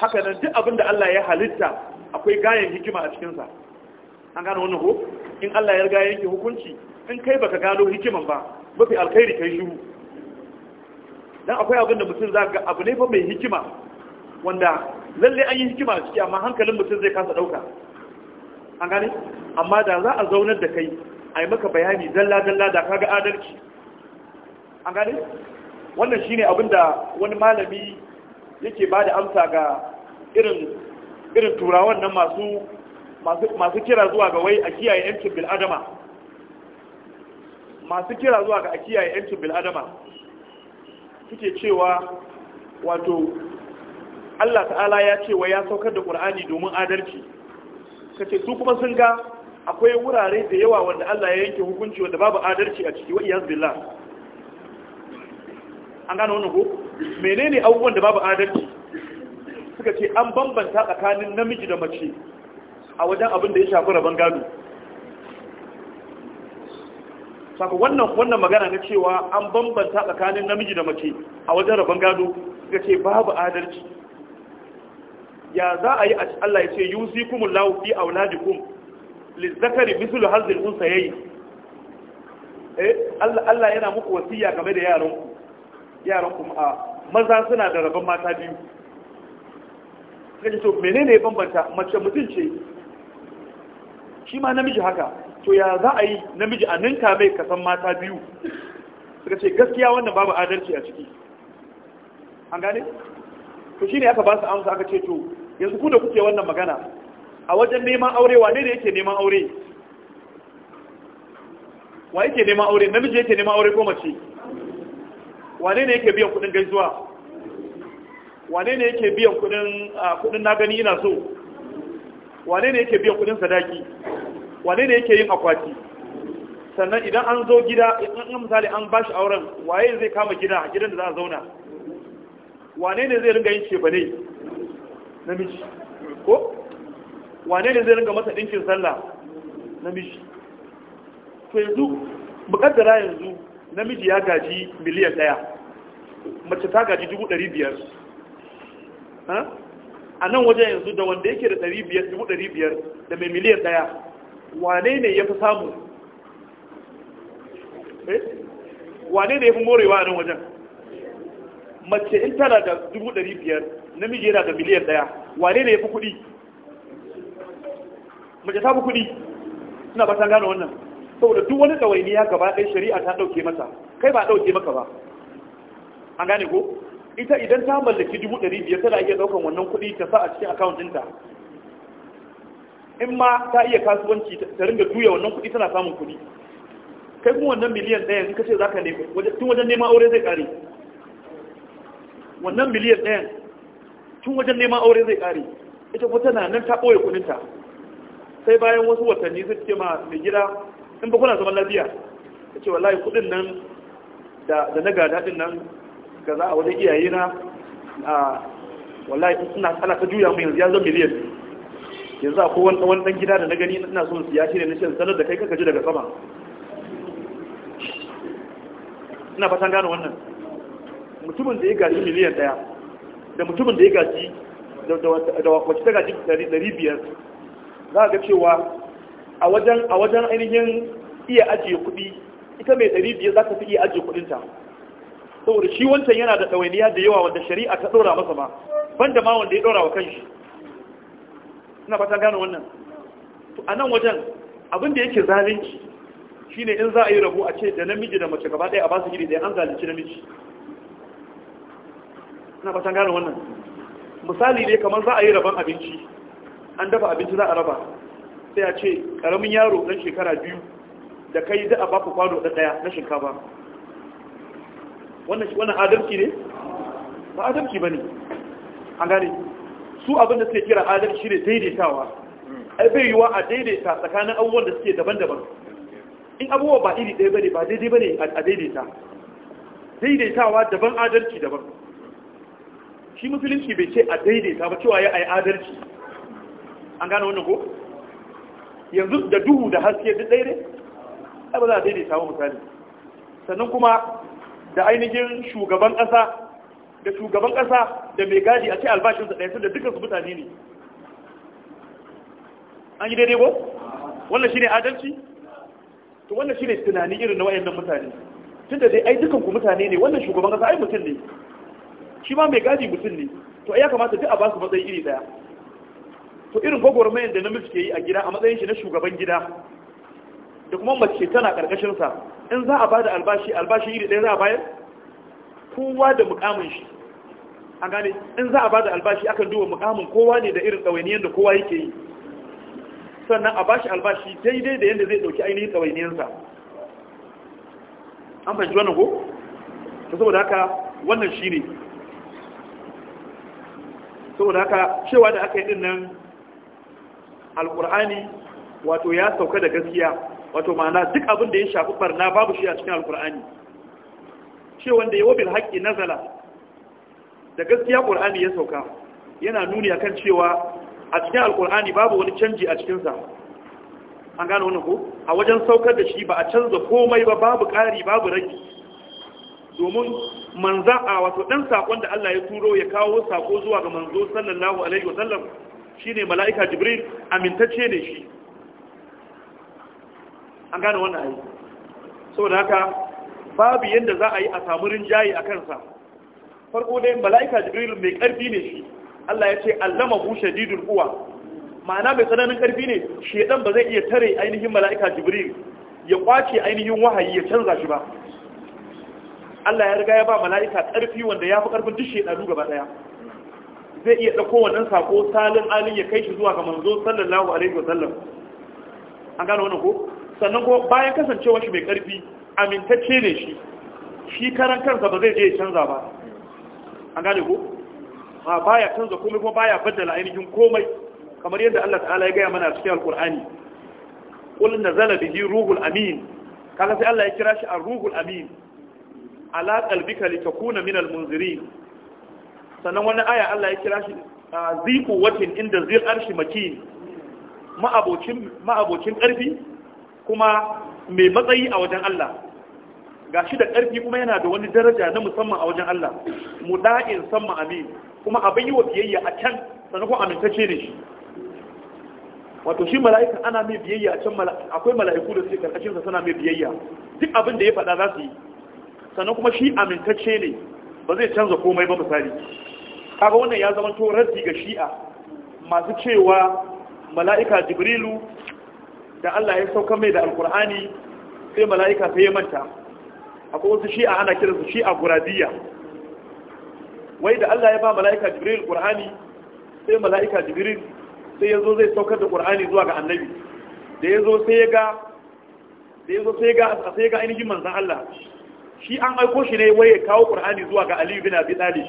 haka nan duk abin da Allah ya halitta akwai gayan hikima a cikinsa an gano wannan ko in Allah ya riga yanke hukunci in kai baka gano hikiman ba mafi alkhairi kai shiru dan akwai abin da mutum za ga abu ne fa mai hikima wanda lalle an yi hikima a ciki amma hankalin mutum zai kasa dauka an gane amma da za a zaunar da kai a yi maka bayani dalla dalla da kaga adalci an gane wannan shine abin da wani malami yake ba da amsa ga irin irin turawan nan masu masu kira zuwa ga wai a kiyaye yancin bil'adama masu kira zuwa ga a kiyaye yancin bil'adama suke cewa wato Allah ta'ala ya ce wa ya saukar da ƙur'ani domin adalci ka ce su kuma sun ga akwai wurare da yawa wanda Allah ya yanke hukunci wanda babu adalci a ciki wa iyaz an gano wani ko menene abubuwan da babu adalci suka ce an bambanta tsakanin namiji da mace a wajen abin da ya shafi rabon gado saka wannan wannan magana na cewa an bambanta tsakanin namiji da mace a wajen rabon gado ga ce babu adalci ya za a yi Allah ya ce yusikumul lahu fi auladikum lizakari mislu hazil unsayayi eh Allah Allah yana muku wasiya game da yaran ku yaran ku a maza suna da rabon mata biyu kaje to menene ya bambanta mace mutum ce shi ma namiji haka to ya za a yi namiji a ninka mai kasan mata biyu suka ce gaskiya wannan babu adalci a ciki an gane to shi ne aka ba su amsa aka ce to yanzu ku da kuke wannan magana a wajen neman aure wane ne yake neman aure wa yake neman aure namiji yake neman aure ko mace wane ne yake biyan kudin gaisuwa wane ne yake biyan kudin ah, na gani ina so wane ne yake biyan kudin sadaki wane ne yake yin akwati sannan idan an zo gida in misali an ba shi auren waye zai kama gida gidan da za a zauna wane ne zai ringa yin cefane namiji ko wane ne zai ringa masa ɗinkin sallah namiji to yanzu bukaddara yanzu namiji ya gaji miliyan ɗaya mace ta gaji dubu ɗari biyar a nan wajen yanzu da wanda yake da dubu ɗari biyar da mai miliyan ɗaya wane ne ya fi samu eh? wane ne ya fi morewa a nan wajen mace in tara da dubu ɗari biyar namiji yana da miliyan ɗaya wane ne ya fi kuɗi mace ta fi kuɗi suna ba ta gano wannan saboda duk wani ya gaba ɗaya shari'a ta ɗauke masa kai ba a ɗauke maka ba an gane ko ita idan ta mallaki dubu ɗari biyar tana iya ɗaukan wannan kuɗi ta sa a cikin akawuntinta in ma ta iya kasuwanci ta ringa juya wannan kuɗi tana samun kuɗi kai kuma wannan miliyan ɗayan in ka ce za ka nemi tun wajen neman aure zai ƙare wannan miliyan ɗayan tun wajen neman aure zai ƙare ita kuma tana nan ta ɓoye kuɗinta sai bayan wasu watanni sai ce ma mai gida in ba kuna zaman lafiya ta ce wallahi kuɗin nan da na gada ɗin nan ga za a wajen iyayena a wallahi suna tsala ta juya mu yanzu ya zo miliyan yanzu a kowane wani dan gida da na gani ina son siyasi shi ne na shan sanar da kai kaka ji daga sama ina fatan gano wannan mutumin da ya gaji miliyan daya da mutumin da ya gaji da wacce ta gaji dari biyar za a ga cewa a wajen ainihin iya ajiye kuɗi ita mai dari biyar za ta fi iya ajiye kuɗinta saboda shi wancan yana da ɗawainiya da yawa wanda shari'a ta ɗora masa ma banda ma wanda ya ɗora wa kanshi Suna fata gane wannan to a nan wajen abin da yake zalunci shine in za a yi rabu a ce da namiji da mace gaba ɗaya a ba su iri ɗaya an zalunci namiji Suna fata gane wannan misali ne kamar za a yi rabon abinci an dafa abinci za a raba sai a ce karamin yaro ɗan shekara biyu da kai da a baku kwano ɗaya na shinkafa wannan adalci ne ba adalci ba ne an gane su abin da suke kira adalci ne daidaitawa ai bai yiwa a daidaita tsakanin abubuwan da suke daban-daban in abubuwa ba iri ɗaya bane ba daidai bane a daidaita daidaitawa daban adalci daban shi musulunci bai ce a daidaita ba cewa ya ai adalci an gane wannan ko yanzu da duhu da haske duk ɗaya ne ai ba za a daidaita wa misali sannan kuma da ainihin shugaban ƙasa da shugaban ƙasa da mai gadi a ce albashinsa ɗaya sun da dukkan su mutane ne an yi daidai ko wannan shine adalci to wannan shine tunani irin na wayannan mutane tunda dai ai dukan ku mutane ne wannan shugaban kasa ai mutum ne shi ma mai gadi mutum ne to ai ya kamata duk a ba su matsayi iri daya to irin gwagwarmayar da namiji ke yi a gida a matsayin shi na shugaban gida da kuma mace tana karkashin sa in za a bada albashi albashi iri daya za a bayar kowa da mukamin shi a gane in za a ba da albashi akan duba mukamin kowa ne da irin tsawainiyar da kowa yake yi sannan a bashi albashi daidai da yadda zai ɗauki ainihin tsawainiyarsa. an fahimci wannan ko? ta saboda haka wannan shi ne saboda haka cewa da aka yi din nan alƙur'ani wato ya sauka da gaskiya wato ma'ana duk abin da ya shafi barna babu shi a cikin alƙur'ani cewa da yawo bil haqqi nazala da gaskiya ƙur'ani ya sauka yana nuni kan cewa a cikin alqur'ani babu wani canji a cikinsa an gano wani ko a wajen saukar da shi ba a canza komai ba babu ƙari babu rage domin manza a wato dan sakon da Allah ya turo ya kawo sako zuwa ga manzo sallallahu alaihi mala'ika jibril amintacce ne shi an wannan saboda haka babu yadda za a yi a samu rinjaye a kansa farko dai mala'ika jibril mai karfi ne shi Allah ya ce allama hu shadidul quwa ma'ana mai tsananin karfi ne shedan ba zai iya tare ainihin mala'ika jibril ya kwace ainihin wahayi ya canza shi ba Allah ya riga ya ba mala'ika karfi wanda ya fi karfin duk shedanu gaba daya zai iya dauko wannan sako salin alin ya kai shi zuwa ga manzo sallallahu alaihi wasallam an gano wannan ko sannan ko bayan kasancewa shi mai karfi amintacce ne shi shi karan kansa ba zai je canza ba an gane ko ba baya canza komai kuma baya baddala ainihin komai kamar yadda Allah ta'ala ya gaya mana cikin alkur'ani qul nazala bihi ruhul amin kaga sai Allah ya kira shi ar-ruhul amin ala qalbika litakuna min al-munzirin sannan wani aya Allah ya kira shi ziqu watin inda zil arshi makin ma'abocin ma'abocin karfi kuma mai matsayi a wajen Allah ga shi da ƙarfi kuma yana da wani daraja na musamman a wajen Allah mu da'in samma amin kuma abin yi wa biyayya a can sannan kuma amintacce ne shi wato shi mala'ika ana mai biyayya a can akwai mala'iku da suke karkashin sa suna mai biyayya duk abin da ya faɗa za su yi sannan kuma shi amintacce ne ba zai canza komai ba misali kaga wannan ya zama to raddi ga shi'a masu cewa mala'ika jibrilu da Allah ya sauka mai da alkur'ani sai mala'ika sai ya manta akwai wasu shi'a ana kira su shi'a guradiyya wai da Allah ya ba mala'ika jibril qur'ani sai mala'ika jibril sai ya zo zai saukar da qur'ani zuwa ga annabi da ya zo sai ya ga da ya zo sai ya ga sai ga ainihin manzan Allah shi an aiko shi ne wai ya kawo qur'ani zuwa ga Ali bin Abi Talib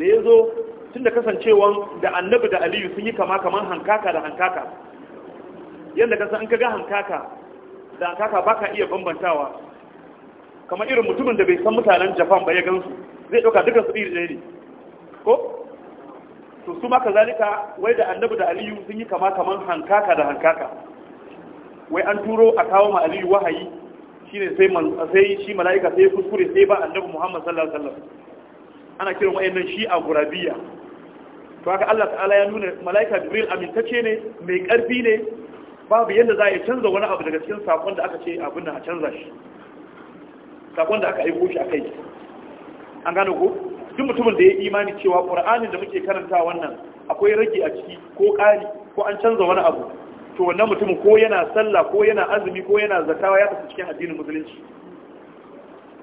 da ya zo tun da kasancewan da annabi da aliyu sun yi kama kaman hankaka da hankaka yadda ka san kaga ga hankaka da hankaka baka iya bambantawa kamar irin mutumin da bai san mutanen Japan ba ya gansu zai dauka duka su iri ɗaya ne ko to su maka zalika wai da Annabi da Aliyu sun yi kama kaman hankaka da hankaka wai an turo a kawo ma Aliyu wahayi shine sai man sai shi mala'ika sai kuskure sai ba Annabi Muhammad sallallahu alaihi wasallam ana kiran wayannan a gurabiya to haka Allah ta'ala ya nuna mala'ika Jibril amintacce ne mai karfi ne babu yadda za a yi canza wani abu daga cikin sakon da aka ce abin da a canza shi sakon da aka aiko shi a kai an gane ko duk mutumin da ya yi imani cewa ƙur'anin da muke karanta wannan akwai rage a ciki ko ƙari ko an canza wani abu to wannan mutumin ko yana sallah ko yana azumi ko yana zakawa ya tafi cikin addinin musulunci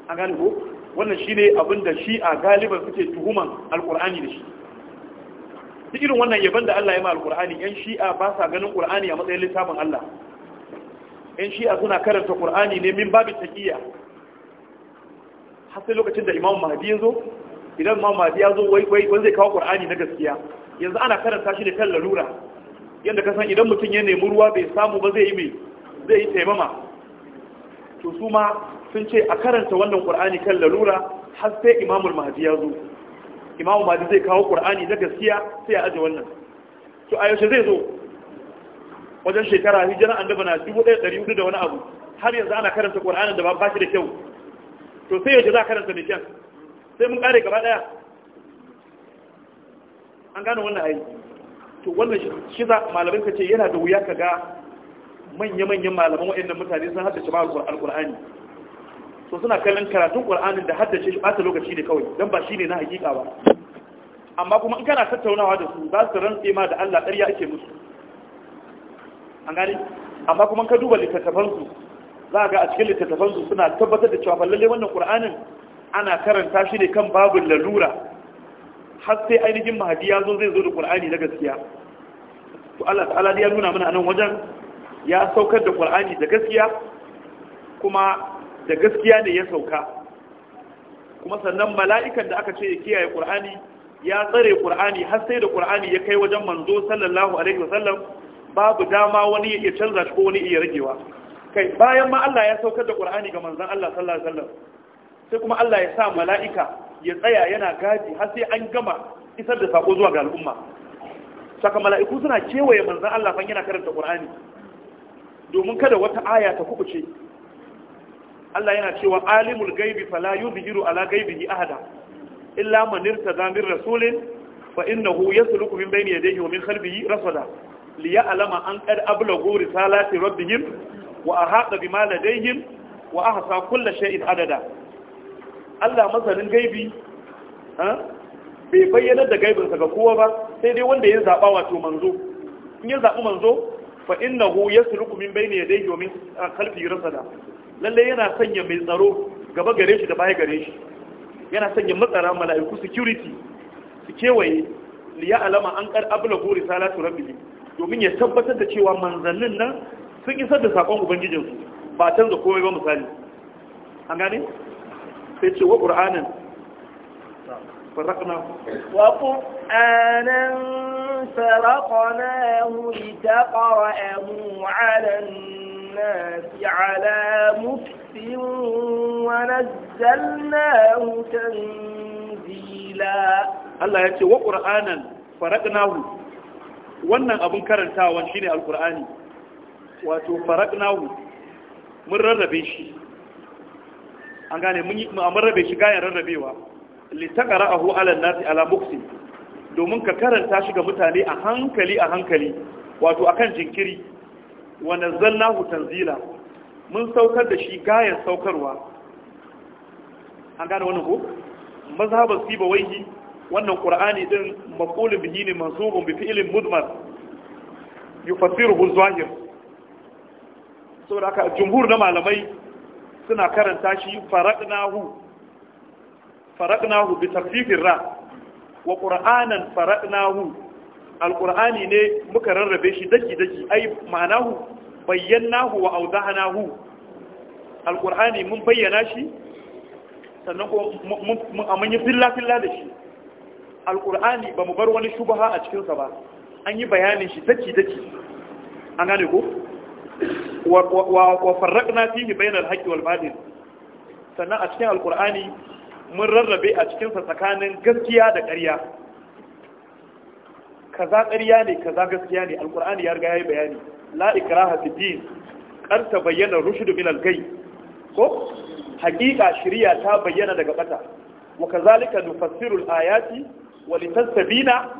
an gane ko wannan shine abin da shi a galiban suke tuhuman alƙur'ani da shi duk irin wannan yaban da Allah ya ma alqur'ani yan shi'a ba sa ganin qur'ani a matsayin littafin Allah yan shi'a suna karanta qur'ani ne min babu taqiya har sai lokacin da Imam Mahdi ya zo idan Imam Mahdi ya zo wai wai wai zai kawo qur'ani na gaskiya yanzu ana karanta shi ne kan lalura yadda ka san idan mutum ya nemi ruwa bai samu ba zai yi mai zai yi taimama to su ma sun ce a karanta wannan qur'ani kan lalura har sai imamul mahdi ya zo imamu mahdi zai kawo ƙur'ani na gaskiya sai ya aje wannan to a yaushe zai zo wajen shekara hijira daba na 1400 da wani abu har yanzu ana karanta ƙur'ani da ba shi da kyau to sai yaushe za a karanta mai kyan sai mun kare gaba ɗaya. an gane wannan ayi to wannan shi za malamin ka ce yana da wuya ka ga manya-manyan malaman waɗannan mutane sun haddace ba alƙur'ani so suna kallon karatun ƙur'anin da haddace shi ɓata lokaci ne kawai don ba shi ne na hakika ba amma kuma in kana tattaunawa da su za su rantse ma da Allah ƙarya ake musu an gani amma kuma ka duba littattafansu za ga a cikin littattafansu suna tabbatar da cewa lalle wannan ƙur'anin ana karanta shi ne kan babu lalura har sai ainihin mahadi ya zo zai zo da ƙur'ani na gaskiya to Allah ta'ala ya nuna mana a nan wajen ya saukar da ƙur'ani da gaskiya kuma da gaskiya ne ya sauka kuma sannan mala'ikan da aka ce ya kiyaye qur'ani ya tsare qur'ani har sai da qur'ani ya kai wajen manzo sallallahu alaihi wasallam babu dama wani ya canza ko wani iya ragewa kai bayan ma Allah ya saukar da qur'ani ga manzon Allah sallallahu alaihi wasallam sai kuma Allah ya sa mala'ika ya tsaya yana gadi har sai an gama isar da sako zuwa ga al'umma saka mala'iku suna kewaye manzon Allah fa yana karanta Qur'ani domin kada wata aya ta kubuce Allah yana cewa alimul gaibi fala yuzhiru ala gaibihi ahada illa man irtada min rasulin fa innahu yasluku min bayni yadayhi wa min khalfihi rasada liya'lama an qad ablagu risalati rabbihim wa ahata bima ladayhim wa ahsa kull shay'in adada Allah masanin gaibi bai bayyana da gaibinsa ga kowa ba sai dai wanda ya zaba wato manzo in ya zabi manzo fa innahu yasluku min bayni yadayhi wa min khalfihi rasada lalle yana sanya mai tsaro gaba gare shi da baya gare shi yana sanya matsara mala'iku security su kewaye liya alama an kar gori risalatu rabbihi domin ya tabbatar da cewa manzannin nan sun isar da sakon su, ba canza komai ba misali an gane sai ce wa qur'anin farqna wa qur'anan farqnahu litaqra'ahu 'ala للناس على مكس ونزلناه تنزيلا الله يأتي وقرآنا فرقناه wannan abin karantawan shine alkur'ani wato faraknahu mun rarrabe shi an gane mun yi mun rabe shi gayan rarrabewa litaqra'ahu 'ala an-nasi 'ala muqsin domin ka karanta shi ga mutane a hankali a hankali wato akan jinkiri wa nazzalnahu tanzila mun saukar da shi gayan saukarwa an gane wannan ko mazhaban siba waihi wannan qur'ani din maqulun bihi ne mansubun bi fi'lin mudmar yufassiruhu zahir saboda haka jumhur na malamai suna karanta shi faraqnahu faraqnahu bi tafsirir ra wa qur'anan faraqnahu alkur'ani ne muka rarrabe shi daki-daki ai ma'anahu bayyanahu wa auzahanahu alkur'ani mun bayyana shi sannan ko mun yi filla-filla da shi alkur'ani ba mu bar wani shubaha a cikinsa ba an yi bayanin shi daki-daki an gane ko wa farraqna fihi bainal haqqi wal batil sannan a cikin alkur'ani mun rarrabe a cikinsa tsakanin gaskiya da ƙarya kaza ƙarya ne kaza gaskiya ne alkur'ani ya riga yayi bayani la ikraha fi din kar ta bayyana rushdu min al-gay ko haqiqa shari'a ta bayyana daga bata wa kazalika nufassiru al-ayati wa litastabina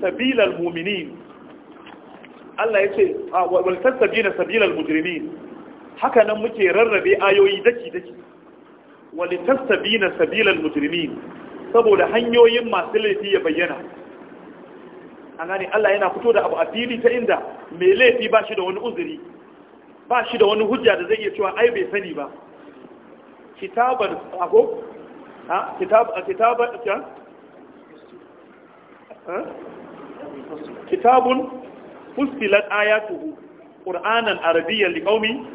sabila al-mu'minin Allah yace wa litastabina sabila al-mujrimin haka nan muke rarrabe ayoyi daki daki wa litastabina sabila al-mujrimin saboda hanyoyin masu laifi ya bayyana an gane Allah yana fito da abu a fili ta inda mai laifi ba shi da wani uzuri ba shi da wani hujja da zai iya cewa ai bai sani ba kitabar ago ha kitabar kitabar kitabun fustilat ayatuhu qur'anan arabiyyan liqaumin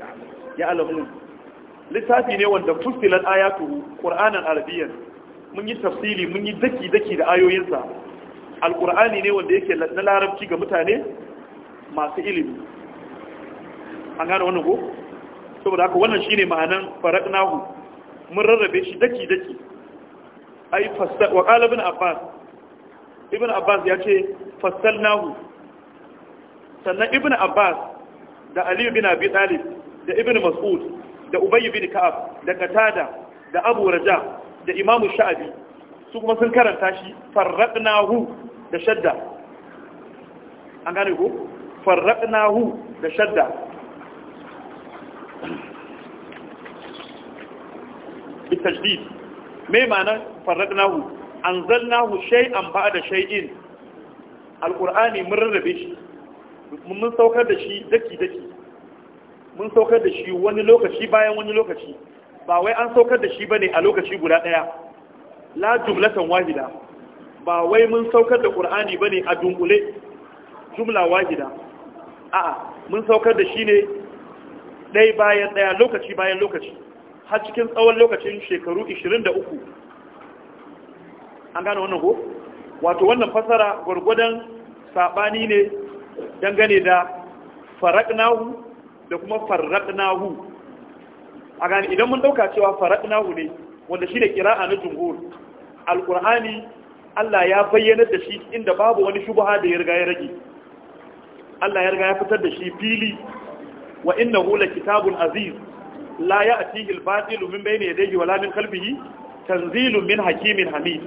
ya'lamun littafi ne wanda fustilat ayatuhu qur'anan arabiyyan mun yi tafsiri mun yi daki daki da ayoyinsa alkur'ani ne wanda yake na larabci ga mutane masu ilimi an gane wannan ko saboda haka wannan shine ma'anan Nahu, mun rarrabe shi daki daki yi fasta wa ƙala ibn abbas ibn abbas ya ce Nahu. sannan ibn abbas da Aliyu bin abi talib da ibn mas'ud da ubayi bin ka'ab da katada da abu raja da imam sha'abi su kuma sun karanta shi Nahu. da shadda an gane ko farraqnahu da shadda tajdid me ma'ana farraqnahu anzalnahu shay'an ba'da shay'in alqur'ani mun rarrabe shi mun saukar da shi daki daki mun saukar da shi wani lokaci bayan wani lokaci ba wai an saukar da shi bane a lokaci guda daya la jumlatan wahida ba wai mun saukar da ƙur'ani ba ne a dunkule jumla wahida a'a mun saukar da shi ne ɗai bayan ɗaya lokaci bayan lokaci har cikin tsawon lokacin shekaru 23 an gane wannan ko wato wannan fasara gwargwadon saɓani ne dangane da faraknahu da kuma faraknahu a gane idan mun ɗauka cewa faraknahu ne wanda shi ne a na jumhur ƙurani Allah ya bayyanar da shi inda babu wani shubha da ya riga ya rage Allah ya riga ya fitar da shi fili wa innahu kitabun aziz la ya'tihi al bai min bayni yadayhi wala min khalfihi tanzilun min hakimin hamid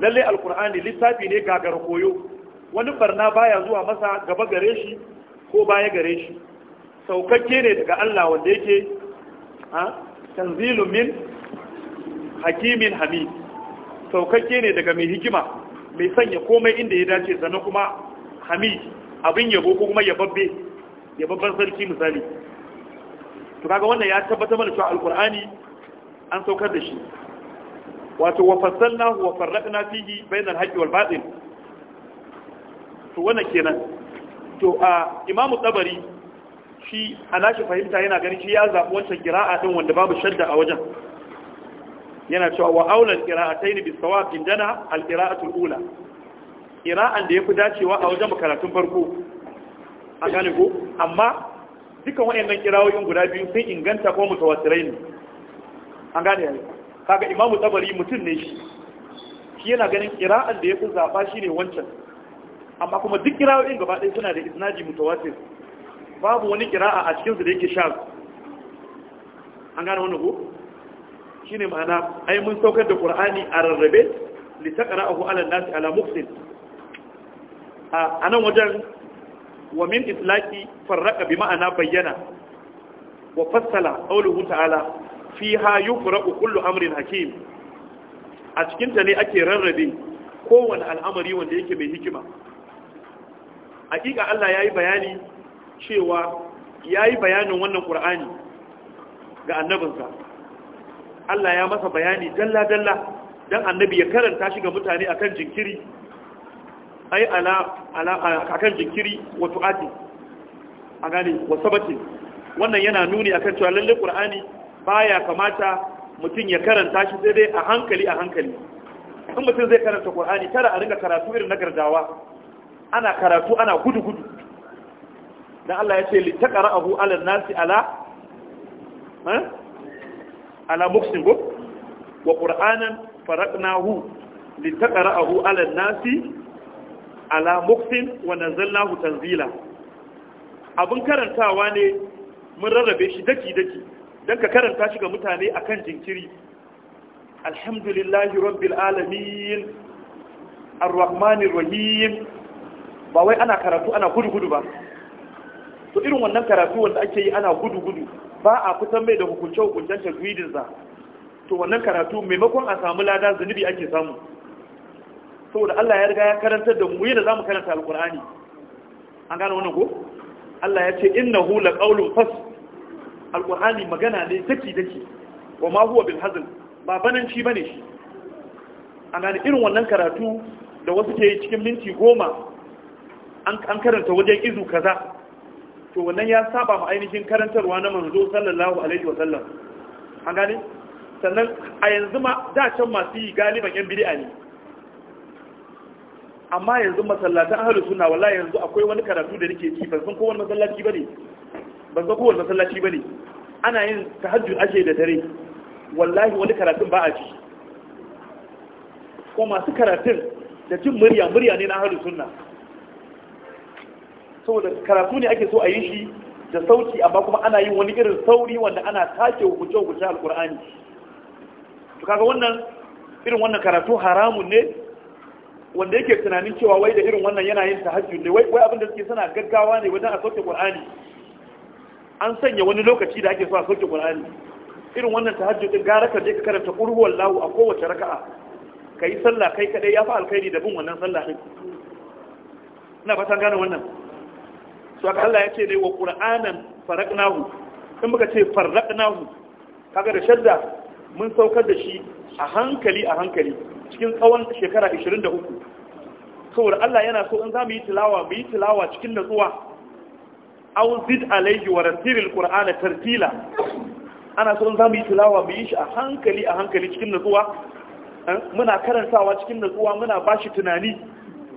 lalle alqur'ani littafi ne gagar koyo wani barna baya zuwa masa gaba gare shi ko baya gare shi saukakke ne daga Allah wanda yake tanzilun min hakimin hamid saukakke ne daga mai hikima mai sanya komai inda ya dace sannan kuma hamid abin yabo ko kuma yababbe yababban sarki misali to kaga wannan ya tabbatar mana cewa alqur'ani an saukar da shi wato wa fassalnahu wa farraqna fihi bainal haqqi wal batil to wannan kenan to a imamu tabari shi ana shi fahimta yana ganin shi ya zabi wancan kira'a din wanda babu shadda a wajen yana cewa wa aula alqira'atayn sawab indana al ula qira'an da yafi dacewa a wajen karatun farko a gane ko amma dukan wayannan qira'o'in guda biyu sun inganta ko mutawatirai an gane ne kaga imamu tabari mutun ne shi shi yana ganin qira'an da yafi zaba shine wancan amma kuma duk qira'o'in gaba ɗaya suna da isnadi mutawatir babu wani qira'a a cikin su da yake shaz an gane wannan ko shine ma'ana ai mun saukar da ƙur'ani a rarrabe li a 'ala nasi 'ala a nan wajen wa min itlaqi farraqa bi ma'ana bayyana wa fassala qawluhu ta'ala fiha yufraqu kullu amrin hakim a cikinta ne ake rarrabe kowane al'amari wanda yake mai hikima hakika Allah ya yi bayani cewa ya yi bayanin wannan ƙur'ani ga annabinsa Allah ya masa bayani dalla-dalla don annabi ya karanta shi ga mutane akan jinkiri ai akan jinkiri wato ati a gane wasu batin wannan yana nuni akan cewa lalle ba baya kamata mutum ya karanta shi sai dai a hankali a hankali in mutum zai karanta ƙur'ani tara a ringa karatu irin na gardawa ana karatu ana gudu-gudu dan Allah ya ce li taqra'ahu alal nasi ala eh? ala muksin ko wa qur'anan faraqnahu litaqra'ahu ala nasi ala muksin wa nazzalnahu tanzila abin karantawa ne mun rarrabe shi daki daki dan ka karanta shi ga mutane akan jinkiri alhamdulillahi rabbil alamin arrahmanir rahim ba wai ana karatu ana gudu gudu ba to irin wannan karatu wanda ake yi ana gudu gudu ba a fitan mai da hukunce hukuncen tajwidinsa to wannan karatu maimakon a samu lada zunubi ake samu saboda Allah ya riga ya karantar da mu yadda zamu karanta alkur'ani an gane wannan ko Allah ya ce innahu laqawlun fas alkur'ani magana ne daki daki wa ma huwa bil hazl ba bananci bane shi an gane irin wannan karatu da wasu ke cikin minti goma an karanta wajen izu kaza to wannan ya saba ma ainihin karantarwa na manzo sallallahu alaihi wa sallam an gane sannan a yanzu ma da can masu yi galiban yan bid'a ne amma yanzu masallatan ahlus sunna wallahi yanzu akwai wani karatu da nake ci ban san ko wani masallaci bane ban san ko wani masallaci bane ana yin tahajjud ashe da dare wallahi wani karatun ba a ci ko masu karatun da jin murya murya ne na ahlus sunna saboda karatu ne ake so a yi shi da sauki amma kuma ana yin wani irin sauri wanda ana take hukunce-hukunce alkur'ani to kaga wannan irin wannan karatu haramun ne wanda yake tunanin cewa wai da irin wannan yana yin tahajjud ne wai abin da suke suna gaggawa ne wajen a sauke qur'ani an sanya wani lokaci da ake so a sauke qur'ani irin wannan tahajjud din gara ka je ka karanta qul huwallahu a kowace raka'a kai sallah kai kadai fa alkhairi da bin wannan sallah din ina fatan gane wannan su aka Allah ya ce ne wa Qur'anan faraknahu in muka ce faraknahu kaga da shadda mun saukar da shi a hankali a hankali cikin tsawon shekara 23 saboda Allah yana so in za mu yi tilawa mu yi tilawa cikin natsuwa aw zid alayhi wa ratilil qur'ana tartila ana so in za mu yi tilawa mu yi shi a hankali a hankali cikin natsuwa eh, muna karantawa cikin natsuwa muna bashi tunani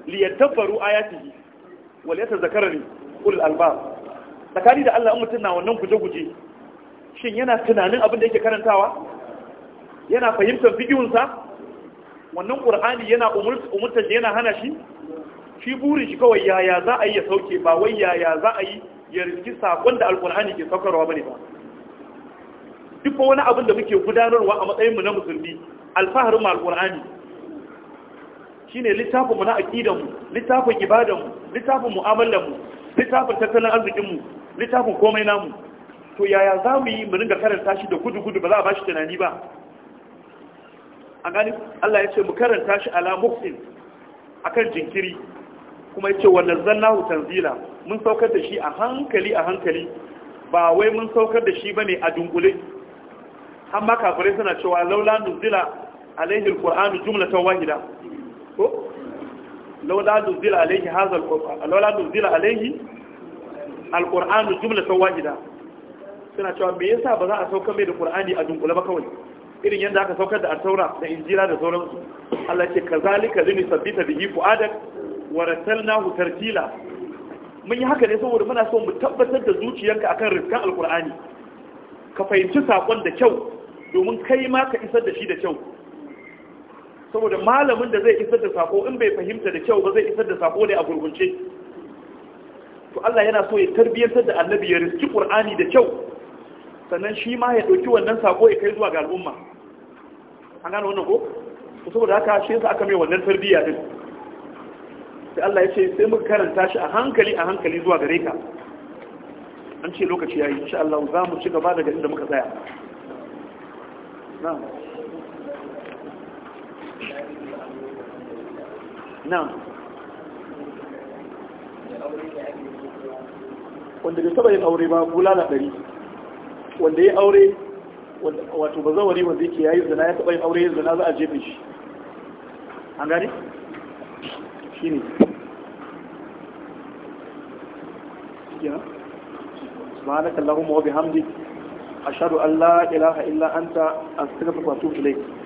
li yadabbaru ayatihi wal yata zakarani ul albab tsakani da Allah na wannan guje-guje shin yana tunanin abin da yake karantawa yana fahimtar fikihunsa wannan qur'ani yana umurta yana hana shi shi burin shi kawai yaya za a yi ya sauke ba wai yaya za a yi ya sakon da alkur'ani ke saukarwa bane ba duk wani abin da muke gudanarwa a matsayin mu na musulmi alfaharin alkur'ani shine littafin mu na aqidan mu littafin ibadan mu littafin mu'amalan mu littafin tattalin arzikin mu littafin komai namu to yaya za mu yi mu ringa karanta shi da gudu gudu ba za a bashi tunani ba a gani Allah ya ce mu karanta shi ala muksin akan jinkiri kuma ya ce wannan zannahu tanzila mun saukar da shi a hankali a hankali ba wai mun saukar da shi bane a dunkule amma kafirai suna cewa laula nuzila alaihi alqur'anu jumlatan wahida ko laula nuzila alayhi hadha alquran laula nuzila alayhi alquran suna cewa me yasa ba za a saukar mai da ƙur'ani a dunkule ba kawai irin yadda aka saukar da at-taura da injila da sauransu Allah ce kazalika lini sabbita bihi fuadak wa ratalnahu tila mun yi haka ne saboda muna so mu tabbatar da zuciyarka akan riskan ƙurani ka fahimci sakon da kyau domin kai ma ka isar da shi da kyau saboda malamin da zai isar da sako in bai fahimta da kyau ba zai isar da sako ne a gurgunce to Allah yana so ya tarbiyyantar da annabi ya riski qur'ani da kyau sannan shi ma ya dauki wannan sako ya kai zuwa ga al'umma an gano wannan ko to saboda haka shi yasa aka mai wannan tarbiyya din sai Allah ya ce sai muka karanta shi a hankali a hankali zuwa gare ka an ce lokaci yayi insha Allah za mu ci gaba daga inda muka tsaya na'am نعم wanda bai taba yin aure ba bulala ɗari, wanda ya aure wato ba zawari wanda yake yayi zana ya taba yin aure yanzu na za a jefe shi an gani? shi ne yana subhana kallahu ma wa bihamdi ashhadu an ilaha illa anta astaghfiruka wa atubu ilayk